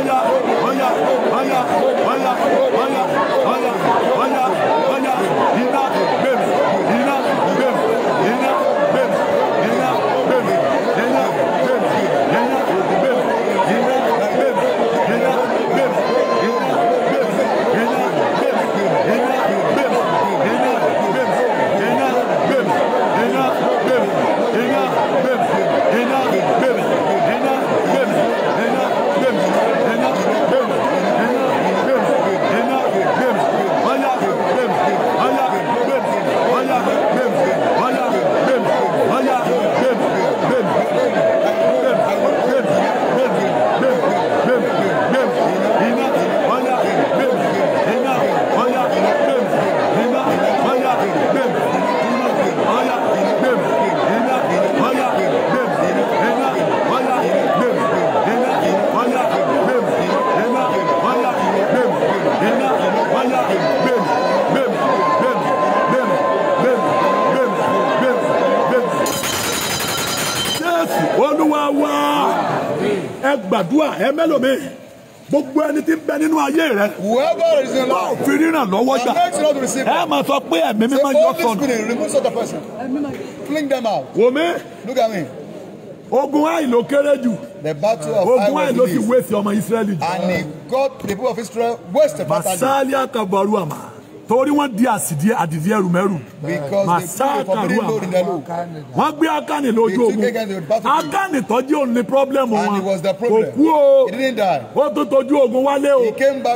Oya, oya, oya, oya, oya, oya, oya, oya. gbàdúrà ẹ mẹ́lòmíì gbogbo ẹni tí ń bẹ nínú ayé rẹ bá òfin ríràn lọ́wọ́ gbà ẹ máa sọ pé ẹ̀mí mi máa yọ sọnù. wò mí ogun àì ló kéré jù ogun àì ló ti wéṣì ọmọ Ísírẹ́lì jù. and he got the people of Israel wasted. masali akabaru ama torí wọ́n di àsìdí àdìdí ẹrùmẹ́rù màsáàkàrúà wọ́n gbé akáni lójú ogun akáni tọ́jú òun ni pọ́blẹ́mù wọn kò kú o ó tó tọ́jú ogun wálé o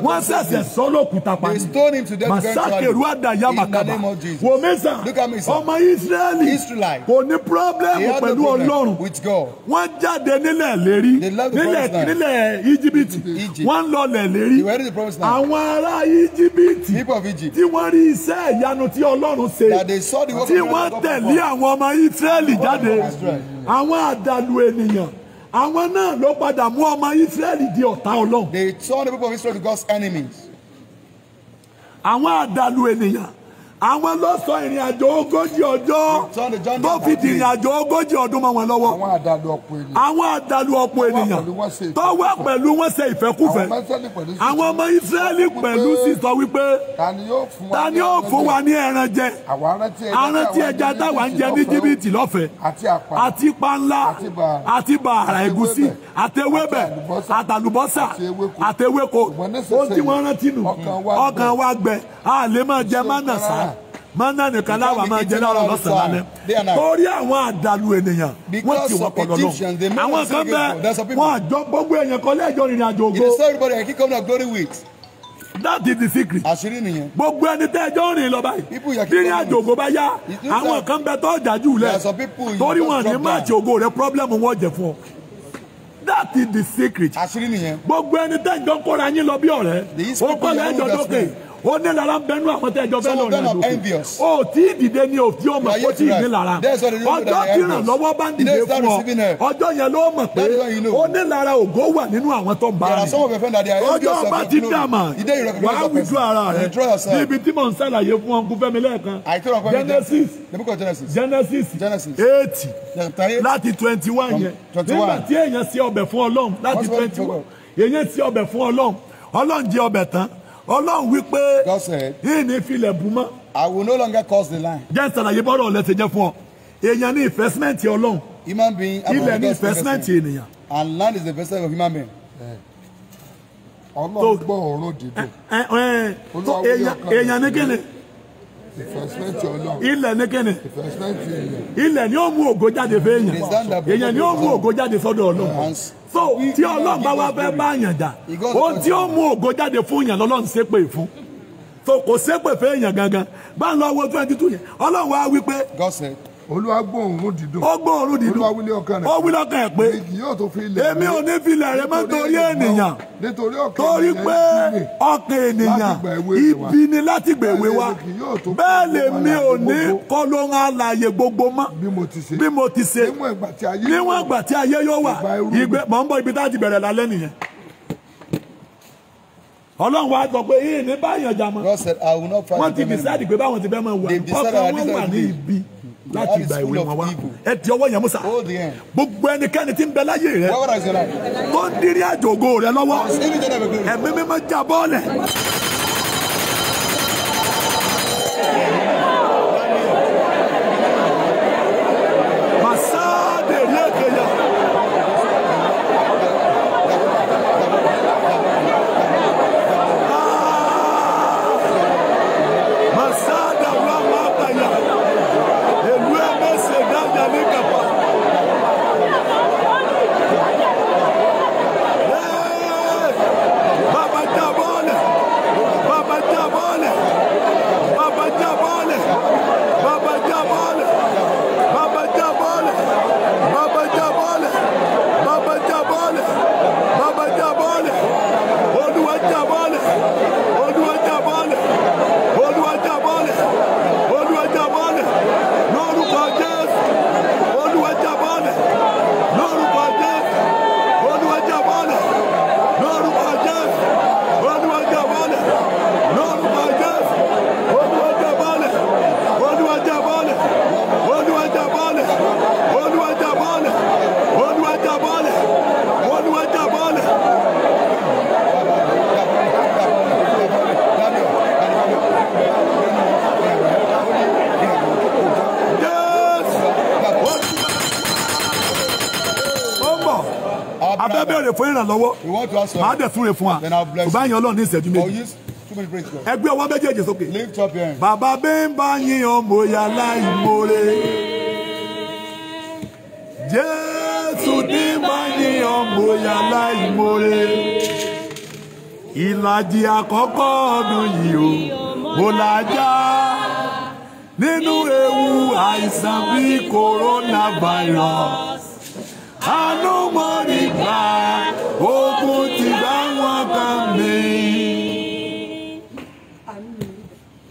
wọ́n ṣẹ̀ṣẹ̀ sọ́nà òkúta pa màsáàkàrúà dàyà màkàbà wò mẹ́sà ọmọ ìsírẹ́lì kò ní pọ́blẹ́mù pẹ̀lú ọlọ́run wọ́n jáde nílẹ̀ lérí nílẹ̀ íjíbítì wọ́n lọ lẹ̀ lérí àwọn ará íjíbítì wọ́n rí iṣẹ́ ìyanu tí Ọlọ́run ṣe tí wọ́n tẹ̀lé àwọn ọmọ Ísírẹ́lì jáde àwọn àdàlù ènìyàn àwọn náà ló padà mú ọmọ Ísírẹ́lì di ọ̀tá Ọlọ́run. They turned the people of Israel to God's enemies. àwọn àdàlù ènìyàn àwọn ló sọ ìrìn àjò ogójì ọjọ́ tó fi di ìrìn àjò ogójì ọdún mọ́ wọn lọ́wọ́ àwọn àdàlù ọ̀pọ̀ ènìyàn tó wá pẹ̀lú wọn ṣe ìfẹ́kúfẹ́ àwọn ọmọ Ísírẹ́lì pẹ̀lú sì sọ wípé ta ni yóò fún wa ní ẹran jẹ arántí ẹja táwa ń jẹ ní jìbìtì lọ́fẹ̀ẹ́ àti panla àti bàrà ẹ̀gúsí àti ewébẹ̀ àtàlùbọ́sà àti ewéko ohun tí wọ́n rántí nù ọkàn wa gbẹ a lè máa jẹ mánà sáà mọ́nà nìkan láwàá máa jẹ láàárọ̀ lọ́sàn-án lálẹ́ torí àwọn àdàlù ènìyàn wọ́n ti wọ́n pọ̀lọ́ lọ àwọn kan bẹ wọ́n àjọ gbogbo èèyàn kan lẹ́jọ́ rìnrìn àjò ògo that is the secret. àṣírí nìyẹn. gbogbo ẹni tẹ́ ẹjọ́ rìn lọ báyìí. bí ní àjòkó bá yá àwọn kan bẹ tó dájú lẹ. torí wọn ní máàcì ògo rẹ pírọ́blẹ́mù wọn jẹ fún ọ that is the secret. àṣírí nìyẹn. gbogbo ẹni tẹ́ ẹjọ́ kóra yín lọ bí ọ̀rẹ́. o kọ́ lẹ́jọ́ dókè ó ní lára bẹnu àwọn tẹ ẹjọ bẹẹ lọrọ àdókò ó tí ì dìde ni ò tí ó mọ kó tí ì ní lára ọjọ́ tí ìrànlọ́wọ́ bá ń dìde fún ọ ọjọ́ yẹn ló mọ̀ pé ó ní lára ògo wà nínú àwọn tó ń bá rìn ọjọ́ bá ti dàmà wàá wùdú ara rẹ níbi tí mò ń sàlàyé fún ọkùnrin fẹ́mi lẹ́ẹ̀kan Genesis Genesis eighty láti twenty one yẹn nígbà tí èèyàn ṣe ọbẹ̀ fún Ọlọ́run láti twenty one èèyàn ṣe ọbẹ̀ fún Ọlọ́run Ọlọ́run jẹ ọbẹ̀ tán ọlọ́run wípé. God said. yìí ní filẹ̀ bù mọ́. I will no longer cross the line. jẹ́ ìsàlàyé bọ́ọ̀rọ̀ ọ̀lẹ́ ti jẹ́ fún ọ. èèyàn ní investment ọlọ́run. human being among God's investment. ilẹ̀ ní investment ènìyàn. and land is the investment of human being. ọlọ́run gbọ́ ọ̀rọ̀ dìde. Eh, eh, eh, èèyàn ní kíni ilẹ̀ ní kíni ilẹ̀ ni ó mú ògo jáde fún èèyàn èèyàn ni ó mú ògo jáde sọ́dọ̀ ọlọ́run so tí ọlọ́run bá wá fẹ́ bá yàn jà ohun tí ó mú ògo jáde fún yàn lọ́lọ́run ṣépè fún so kò ṣépè fún èèyàn gangan bá ń lọ wo twenty two yẹn ọlọ́run wá wí pé. olúwa gbóòórùn dídùn ó gbóòórùn ọkàn rẹ ẹ pé èmi ò ní fi rẹ mọ́ torí ènìyàn torí pé ọkàn ènìyàn ibi ni láti gbèwé wa bẹ́ẹ̀ mi ò ní gbogbo mọ́ bí mo ti ṣe níwọ̀n ìgbà tí ayé yóò wà mọ̀ ń ibi tá ti bẹ̀rẹ̀ lálẹ́ nìyẹn. Ọlọ́run wa gbọ́ pé yìí ní báyọ̀ jà mọ́ wọ́n ti pé báwọn ti láti ìgbà ìwé wọn wá ẹ di ọwọ́ yẹn musa gbogbo ẹnikẹ́ni tí ń bẹ láyé rẹ tó ń dirí àjògo rẹ lọ́wọ́ ẹ̀mí mímọ́ jà bọ́ọ̀lẹ̀. ìrànlọ́wọ́ máa dẹ̀ súre fún wa kò bá yan ọlọ́run ní ìṣẹ́jú méjì ẹgbẹ́ ọwọ́ méjèèjì sókè bàbá bẹ́ẹ̀ bá yin ọmọ ya láì mórè jésù ní bá yin ọmọ ya láì mórè ìlàjì àkọ́kọ́ ọdún yìí o mo làjà nínú ewu àìsàn bíi coronavirus àánú mọ́ nípa. okwu tìbáwọn bá mi.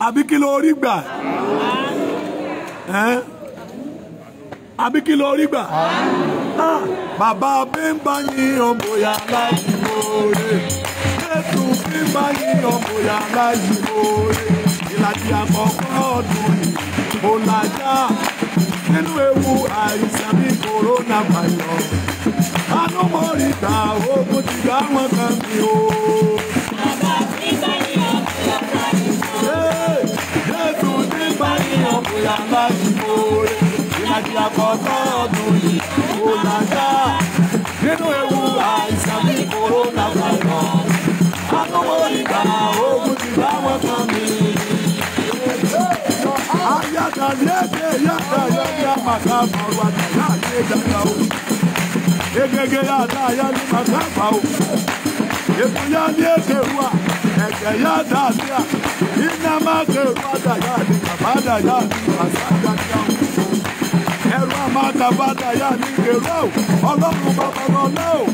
àbí kí ló rí gbà? àbí kí ló rí gbà? bàbá bímbá yín ọmọya láyé mòore jésù bímbá ìlàjì àkọ́kọ́ ọdún yìí mo làjà nínú ewu àìsàn bí coronavirus. anúmọ̀ríta ogun ti gbá wọn kan mi o. bàbá mi bá ní ọ̀pọ̀ ọ̀pọ̀ ìfọ̀. jésù ti bá ní ọ̀pọ̀ yàrá ìfọ̀ rẹ̀ ìrìnàjò àkọ́kọ́ ọdún yìí kò lájà nínú ewu àìsàn ní kòrónà pàtó. anúmọ̀ríta ogun ti gbá wọn kan mi. Ayaka lebe yaka yaka maka mawa na yake daga o egege ya ya ni màtá o èkó ya ní èké wa ẹ̀jẹ̀ ya da sí a ya ni kàbádà ya ni ya ni àwọn ẹrù ya ni kèrè o ọlọ́run bàbá lọ́lẹ́ o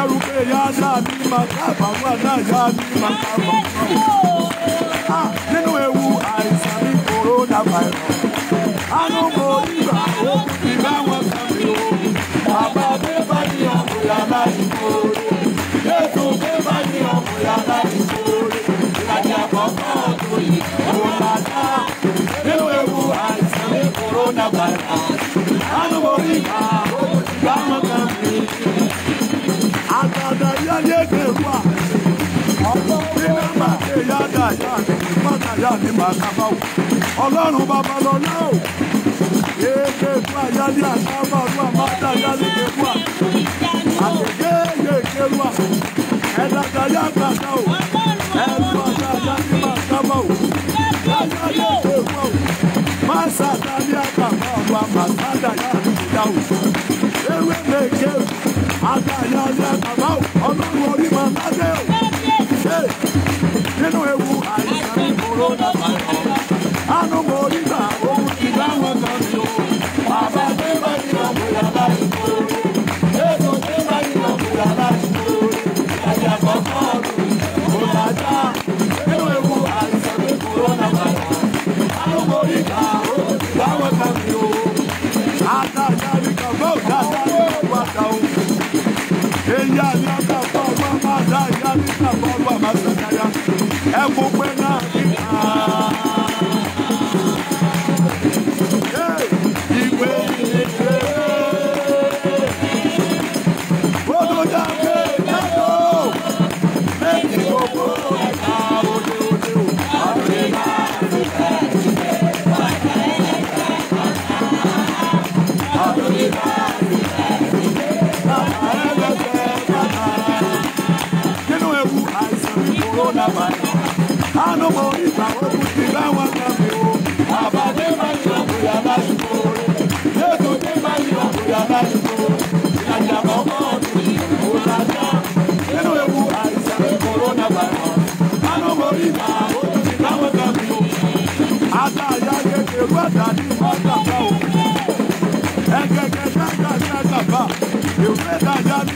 ẹrù pé ya ni màtá pa wà ya ni ah, màtá pa wà o nínú ewu àìsàn ní kòrónà virus anú kò ní bàá. na bara anu bori bama kanti agbada ya ni eke wa ọkọ pínlẹ ma ṣe ya da ya ni mọta ya ni màkàbá o Ọlọ́run bàbá lọlá o eke wa ya ni àkàbá wa mọta ya ni eke wa àtẹkẹ yeke wa ẹdàgbà àtàlẹ́ ọdẹ bàbá o ọlọ́run orí mọ lásẹ̀ o nínú ewu àìsàn kòrónà bàbá àánú mo rí gbà ohun ti dáhùn kan mi o bàbá gbé bá ní ọ̀gbìn aláì kúrò ètò gbé bá ní ọ̀gbìn aláì kúrò ẹ̀yà kọ̀ọ̀kan ọ̀dùn ìgbòlájà nínú ewu àìsàn kòrónà bàbá àánú mo rí gbà ohun ti dáhùn kan mi o àtàlẹ́ ọdẹ bàbá o àtàlẹ́ ọdẹ bàbá o ìyá mi ọkà ọgbọ́n máa dá ìyá mi kà fún ọgbọ́n máa sọ̀kàyà. Ẹ kò pé náà. go na Ano mo ipa oku ti ba na mi o. Abade ma ni na suko. Yeto de ma ni oku ya na suko. Ìyàjà kọ̀ọ̀kan ọ̀dùn ìlú ọ̀làjà. Nínú ewu àìsàn kòrónà bàbá. Ano mo ipa oku ti ba na mi o. Ata àyà kékeré wàdà ní wàdà bá o. Ẹgẹgẹ dága dága bá. Ìwé dájà ní.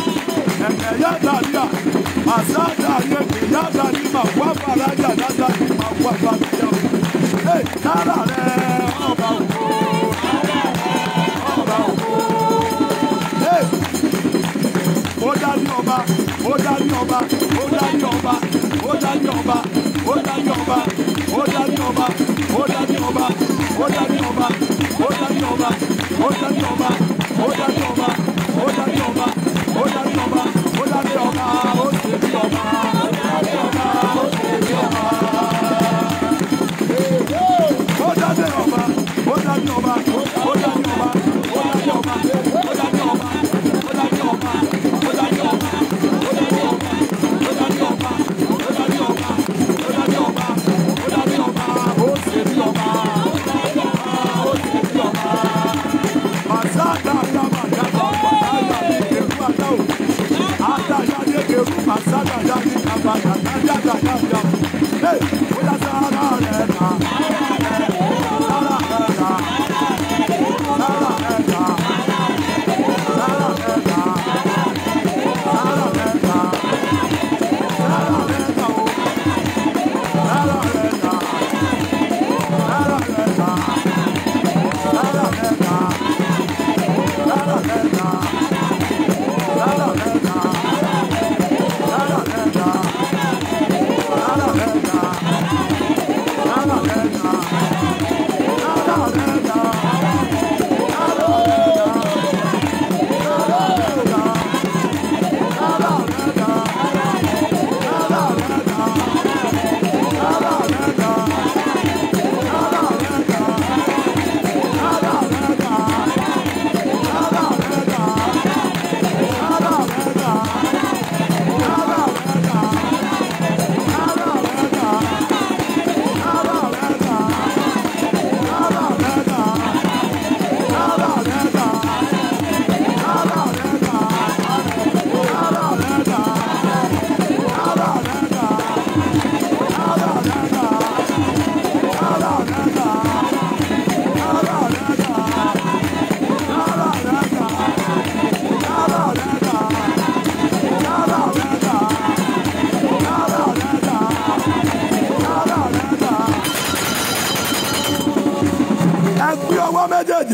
azada yege dada ni ma wá faraja dada ni ma wá faraja o ee lára rẹ ọba ògo ọba ògo ee ó dá ní ọba ó dá ní ọba ó dá ní ọba ó dá ní ọba ó dá ní ọba ó dá ní ọba ó dá ní ọba ó dá ní ọba ó dá ní ọba ó dá ní ọba ó dá ní ọba ó dá ní ọba ó dá ní ọba. 我只晓得。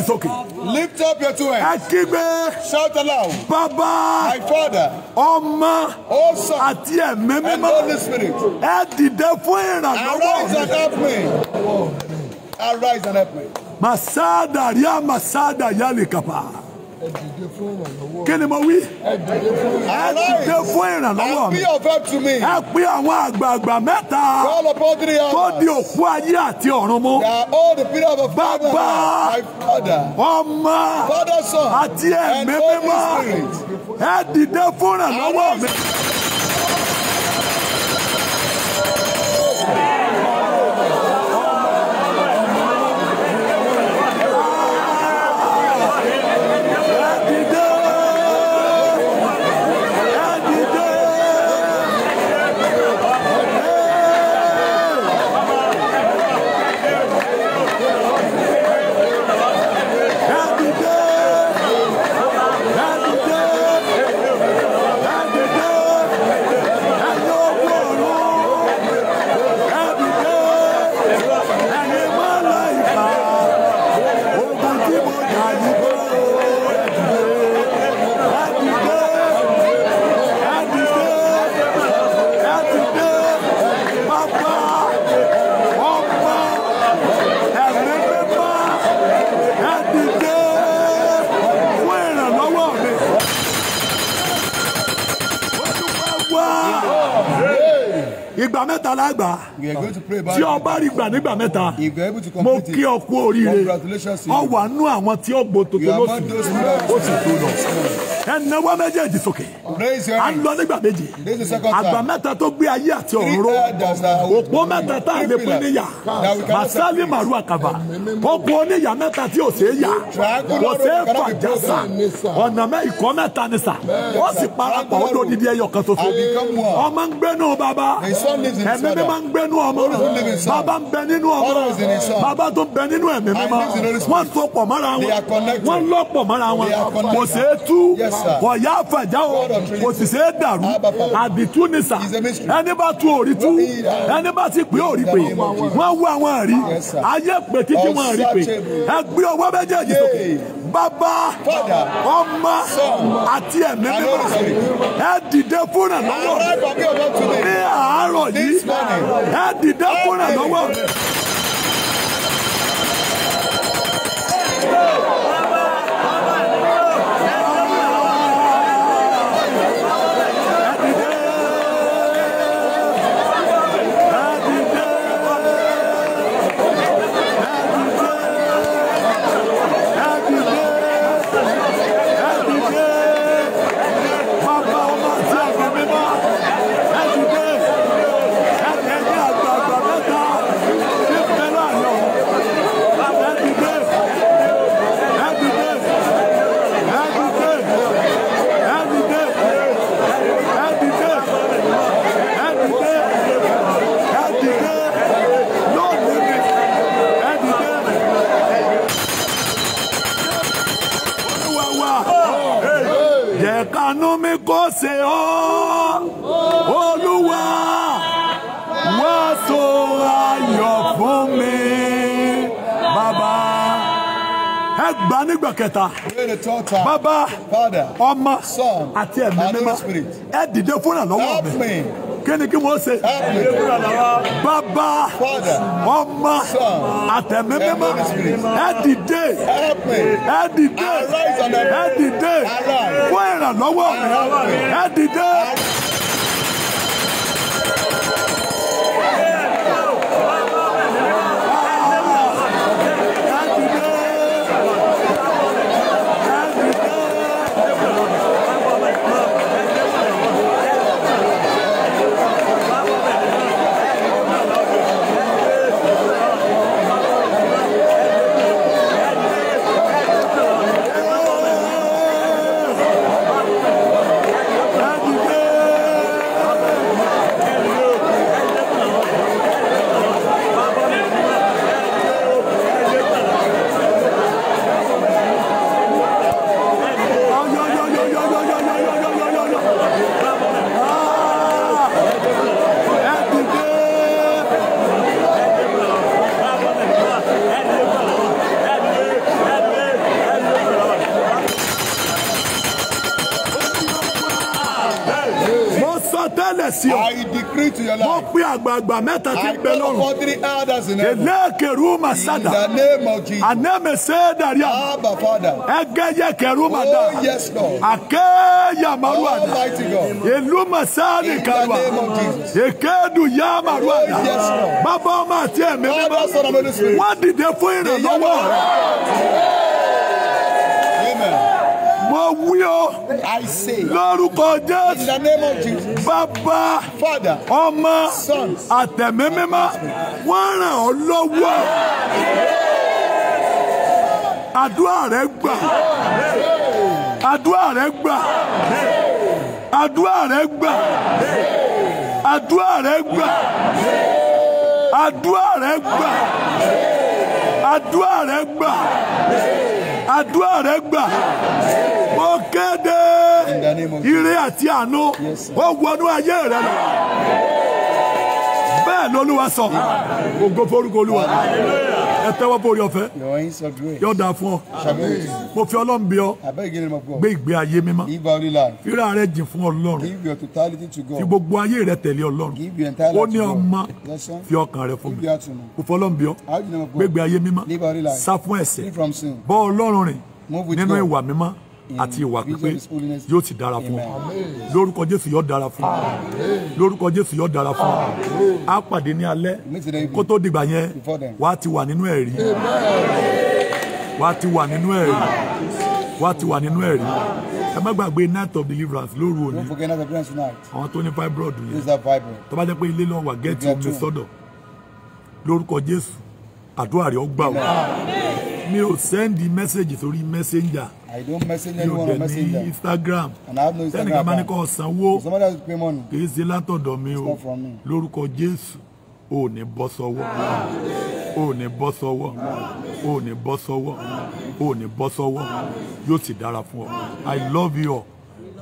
sókè. lift up your two hands. ẹ kígbe. shout aloud. Baba. my father. ọmọ. ó sọ. àti ẹ̀mí mímọ́. and holy spirit. ẹ dìde fún ìrànlọ́wọ́ arise and help me. arise and help me. masada ria masada yalikapa kí ni mo wí. ẹ dìde fún ìrànlọ́wọ́ mi. ẹ pín àwọn àgbààgbà mẹ́ta tó di òkú ayé àti ọ̀run mú. bàbá ọmọ àti ẹ̀mí mímọ́ ẹ dìde fún ìrànlọ́wọ́ mi. àgbà tí o bá rí gbà nígbà mẹ́ta mo kí ọ kú oríire ọ wà nú àwọn tí ó gbó tòtò lóṣù ó sì tó lọ ẹnáwó méjèèjì sókè à ń lọ nígbà méjì àgbà mẹ́ta tó gbé ayé àti ọ̀run ró òpó mẹ́ta tá a lè pín níyà màsálì màrú àkàbà ọkọ̀ oníyà mẹ́ta tí ò ṣeé yà kò ṣeé fàjà sà ọ̀nà mẹ́ ikọ̀ mẹ́ta ni sà ó sì parapọ̀ ó lòdì díẹ̀ yọkan tó so ọmọ ń gbénu bàbá ẹ̀mí mi máa ń gbénu ọmọ bàbá ń bẹ nínú ọmọ bàbá tó ń bẹ nínú ẹ̀mí mi máa wọ́n so pọ̀ mọ́ra wọn wọ́n lọ mọ́ra wọn kò ṣeé tú kò yá àfàjá o kò sì ṣe é dàrú àdìtú ni sà ẹni bá tu òrí tú ẹni bá ti pè òrí pè wọ́n wú àwọn àrí ayé pè kíkí wọn àrí pè ẹ gbé ọwọ́ méjèèjì sókè bàbá ọmọ àti ẹ̀mí mímọ́ ẹ dìde fúnra lọ́wọ́ ní àárọ̀ yìí ẹ dìde fúnra lọ́wọ́. the mẹ́tẹ̀ẹ̀ta bàbá ọmọ àti ẹ̀mí mímọ́ ẹ dìde fúnra lọ́wọ́ mi kí ni kí wọ́n ṣe bàbá ọmọ àtẹ̀mí mímọ́ ẹ dìde ẹ dìde ẹ dìde fún ìrànlọ́wọ́ mi ẹ dìde. sí ọ. I decree to your life. Mo pe àgbààgbà mẹ́ta tí ń bẹ lọ́run. I call for three elders in heaven. Èlé kẹrù mà sádà. In the name of Jesus. Ànẹ́mẹ̀ ṣe é dàrí àná. Abba father. Ẹgẹ́yẹ kẹrù mà dà. Oh yes Lord. Àkẹ́yà màrú àná. Almighty God. Ìlú mà sáàlì kàrúà. In the name of Jesus. Èkéèdù yá màrú àná. Oh yes Lord. Bàbá ọmọ àti ẹ̀mí mímọ́. Father son of the spirit. Wọ́n dìde fún ìrànlọ́wọ́ rẹ̀. wí I say. Lórúkọ Jésù. In the name of Jesus. Bàbá. Father. Ọmọ. Son. Àtẹ̀mí mímọ́. Wọ́n ràn ọ́ lọ́wọ́. Àdúrà rẹ gbà. Àdúrà rẹ gbà. Àdúrà rẹ gbà. Àdúrà rẹ gbà. Àdúrà rẹ gbà. Àdúrà rẹ gbà. Àdúrà rẹ gbà kéde ire àti àánú ó wọnú ayé rẹ lọ bẹ́ẹ̀ lọ́lúwa sọ ògo forúkọ olúwa ẹ tẹ́wọ́ bórí ọ̀fẹ́ yóò dáa fún ọ mo fi ọlọ́run bí ọ gbé ìgbé ayé mímọ́ fíra rẹ jìn fún ọlọ́run fi gbogbo ayé rẹ tẹ̀lé ọlọ́run ó ní ọmọ fi ọkàn rẹ fún mi mo fi ọlọ́run bí ọ gbé ìgbé ayé mímọ́ sá fún ẹ̀ṣẹ̀ bọ́ ọlọ́run rìn nínú ìwà mímọ́ àti ìwà pípé yóò sì dára fún ọ lórúkọ Jésù yóò dára fún ọ lórúkọ Jésù yóò dára fún ọ á pàdé ní alẹ́ kó tó dìgbà yẹn wàá ti wà nínú ẹ̀rí wàá ti wà nínú ẹ̀rí wàá ti wà nínú ẹ̀rí ẹ má gbàgbé night of deliverance lóru òní àwọn tó ní fibroid yẹn tó bá jẹ́ pé ilé lọ́wọ́ gẹ́ẹ̀tì omi sọ́dọ̀ lórúkọ Jésù àdúrà rẹ̀ ó gbà wá. Send the message through sórí messenger I don't message anyone on messenger mi ò dẹ̀ ní instagram and I have no instagram account ẹnìkan máa ní kó sanwó kì í ṣe látọ̀dọ̀ mi o lórúkọ jésù ò ní bọ́ sọ́wọ́ ò ní bọ́ sọ́wọ́ ò ní bọ́ sọ́wọ́ ò ní bọ́ sọ́wọ́ yóò sì dára fún ọ I love you all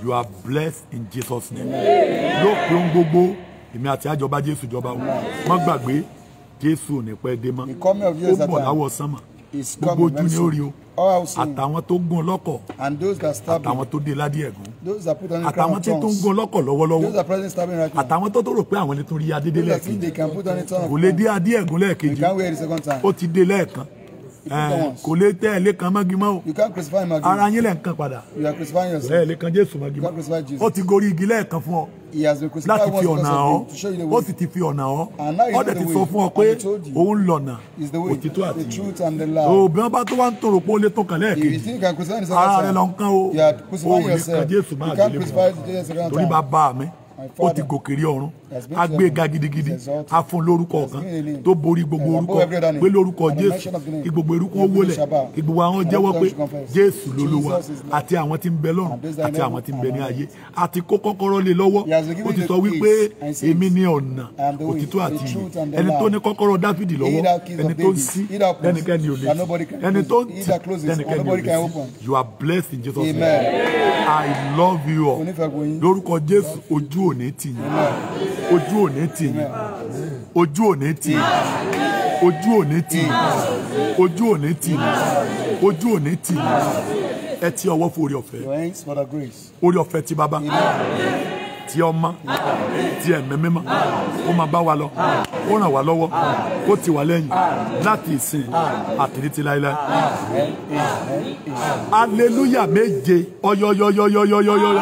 you are blessed in Jesus name yóò pé ohun gbogbo èmi àti àjọba jésù jọba o má gbàgbé jésù ò ní pẹ́ dé mọ́ ó bọ̀ láwọ̀ sánmà gbogbo ojú ni ó rí o àtàwọn tó gún lọ́kọ̀ àtàwọn tó dé ládìí ẹ̀gún àtàwọn tó ń gún lọ́wọ́lọ́wọ́ àtàwọn tó tó rò pé àwọn lè tún rí adé dé lẹ́ẹ̀kejì kò lè dé adé ẹ̀gún lẹ́ẹ̀kejì ó ti dé lẹ́ẹ̀kan kò lè tẹ́ ẹ̀ lẹ́kan mọ́gi o ara yín lẹ́ǹkan padà ẹ̀ lẹ́kan jésù mọ́gi mọ́ ó ti gorí igi lẹ́ẹ̀kan fún ọ láti fi ọ̀nà ó sì ti fi ọ̀nà ọ́ ó ti sọ fún ọ pé òun lọ̀nà òtítọ́ àti òbí wọn bá tó wá ń pé ó tó kàn lẹ́ẹ̀kejì ara lọ ń kán o lè agbéga gidigidi a fún kan tó borí gbogbo orúkọ pé lórúkọ jésù ìgbogbo orúkọ wólẹ̀ ìgbogbo àwọn jẹ́wọ́ pé jésù lolúwa àti àwọn tí ń bẹ lọ́run àti àwọn tí ń bẹ ní ayé àti kó kọ́kọ́rọ́ lé lọ́wọ́ ó ti sọ wípé èmi ni ọ̀nà òtítọ́ àti ìyè ẹni tó ní kọ́kọ́rọ́ dáfídì lọ́wọ́ ẹni tó ń ṣí ẹnikẹ́ni ò lè ẹni tó ń tì ẹnikẹ́ni ò lè ṣí you are blessed in Jesus name i love you all lórúkọ jésù ojú òní tì yín ojú ò ní tì yín ojú ò ní tì yín ojú ò ní tì yín ojú ò ní tì yín ojú ò ní tì yín ẹ ti ọwọ́ fún orí ọ̀fẹ́ orí ọ̀fẹ́ ti bàbá ti ọmọ ti ẹ̀mẹ́ mímọ́ ó máa bá wa lọ ó ràn wá lọ́wọ́ kó tì wá lẹ́yìn láti ìsìn àtìrìtì láéláé. aleluya méje ọyọyọyọyọyọyọ.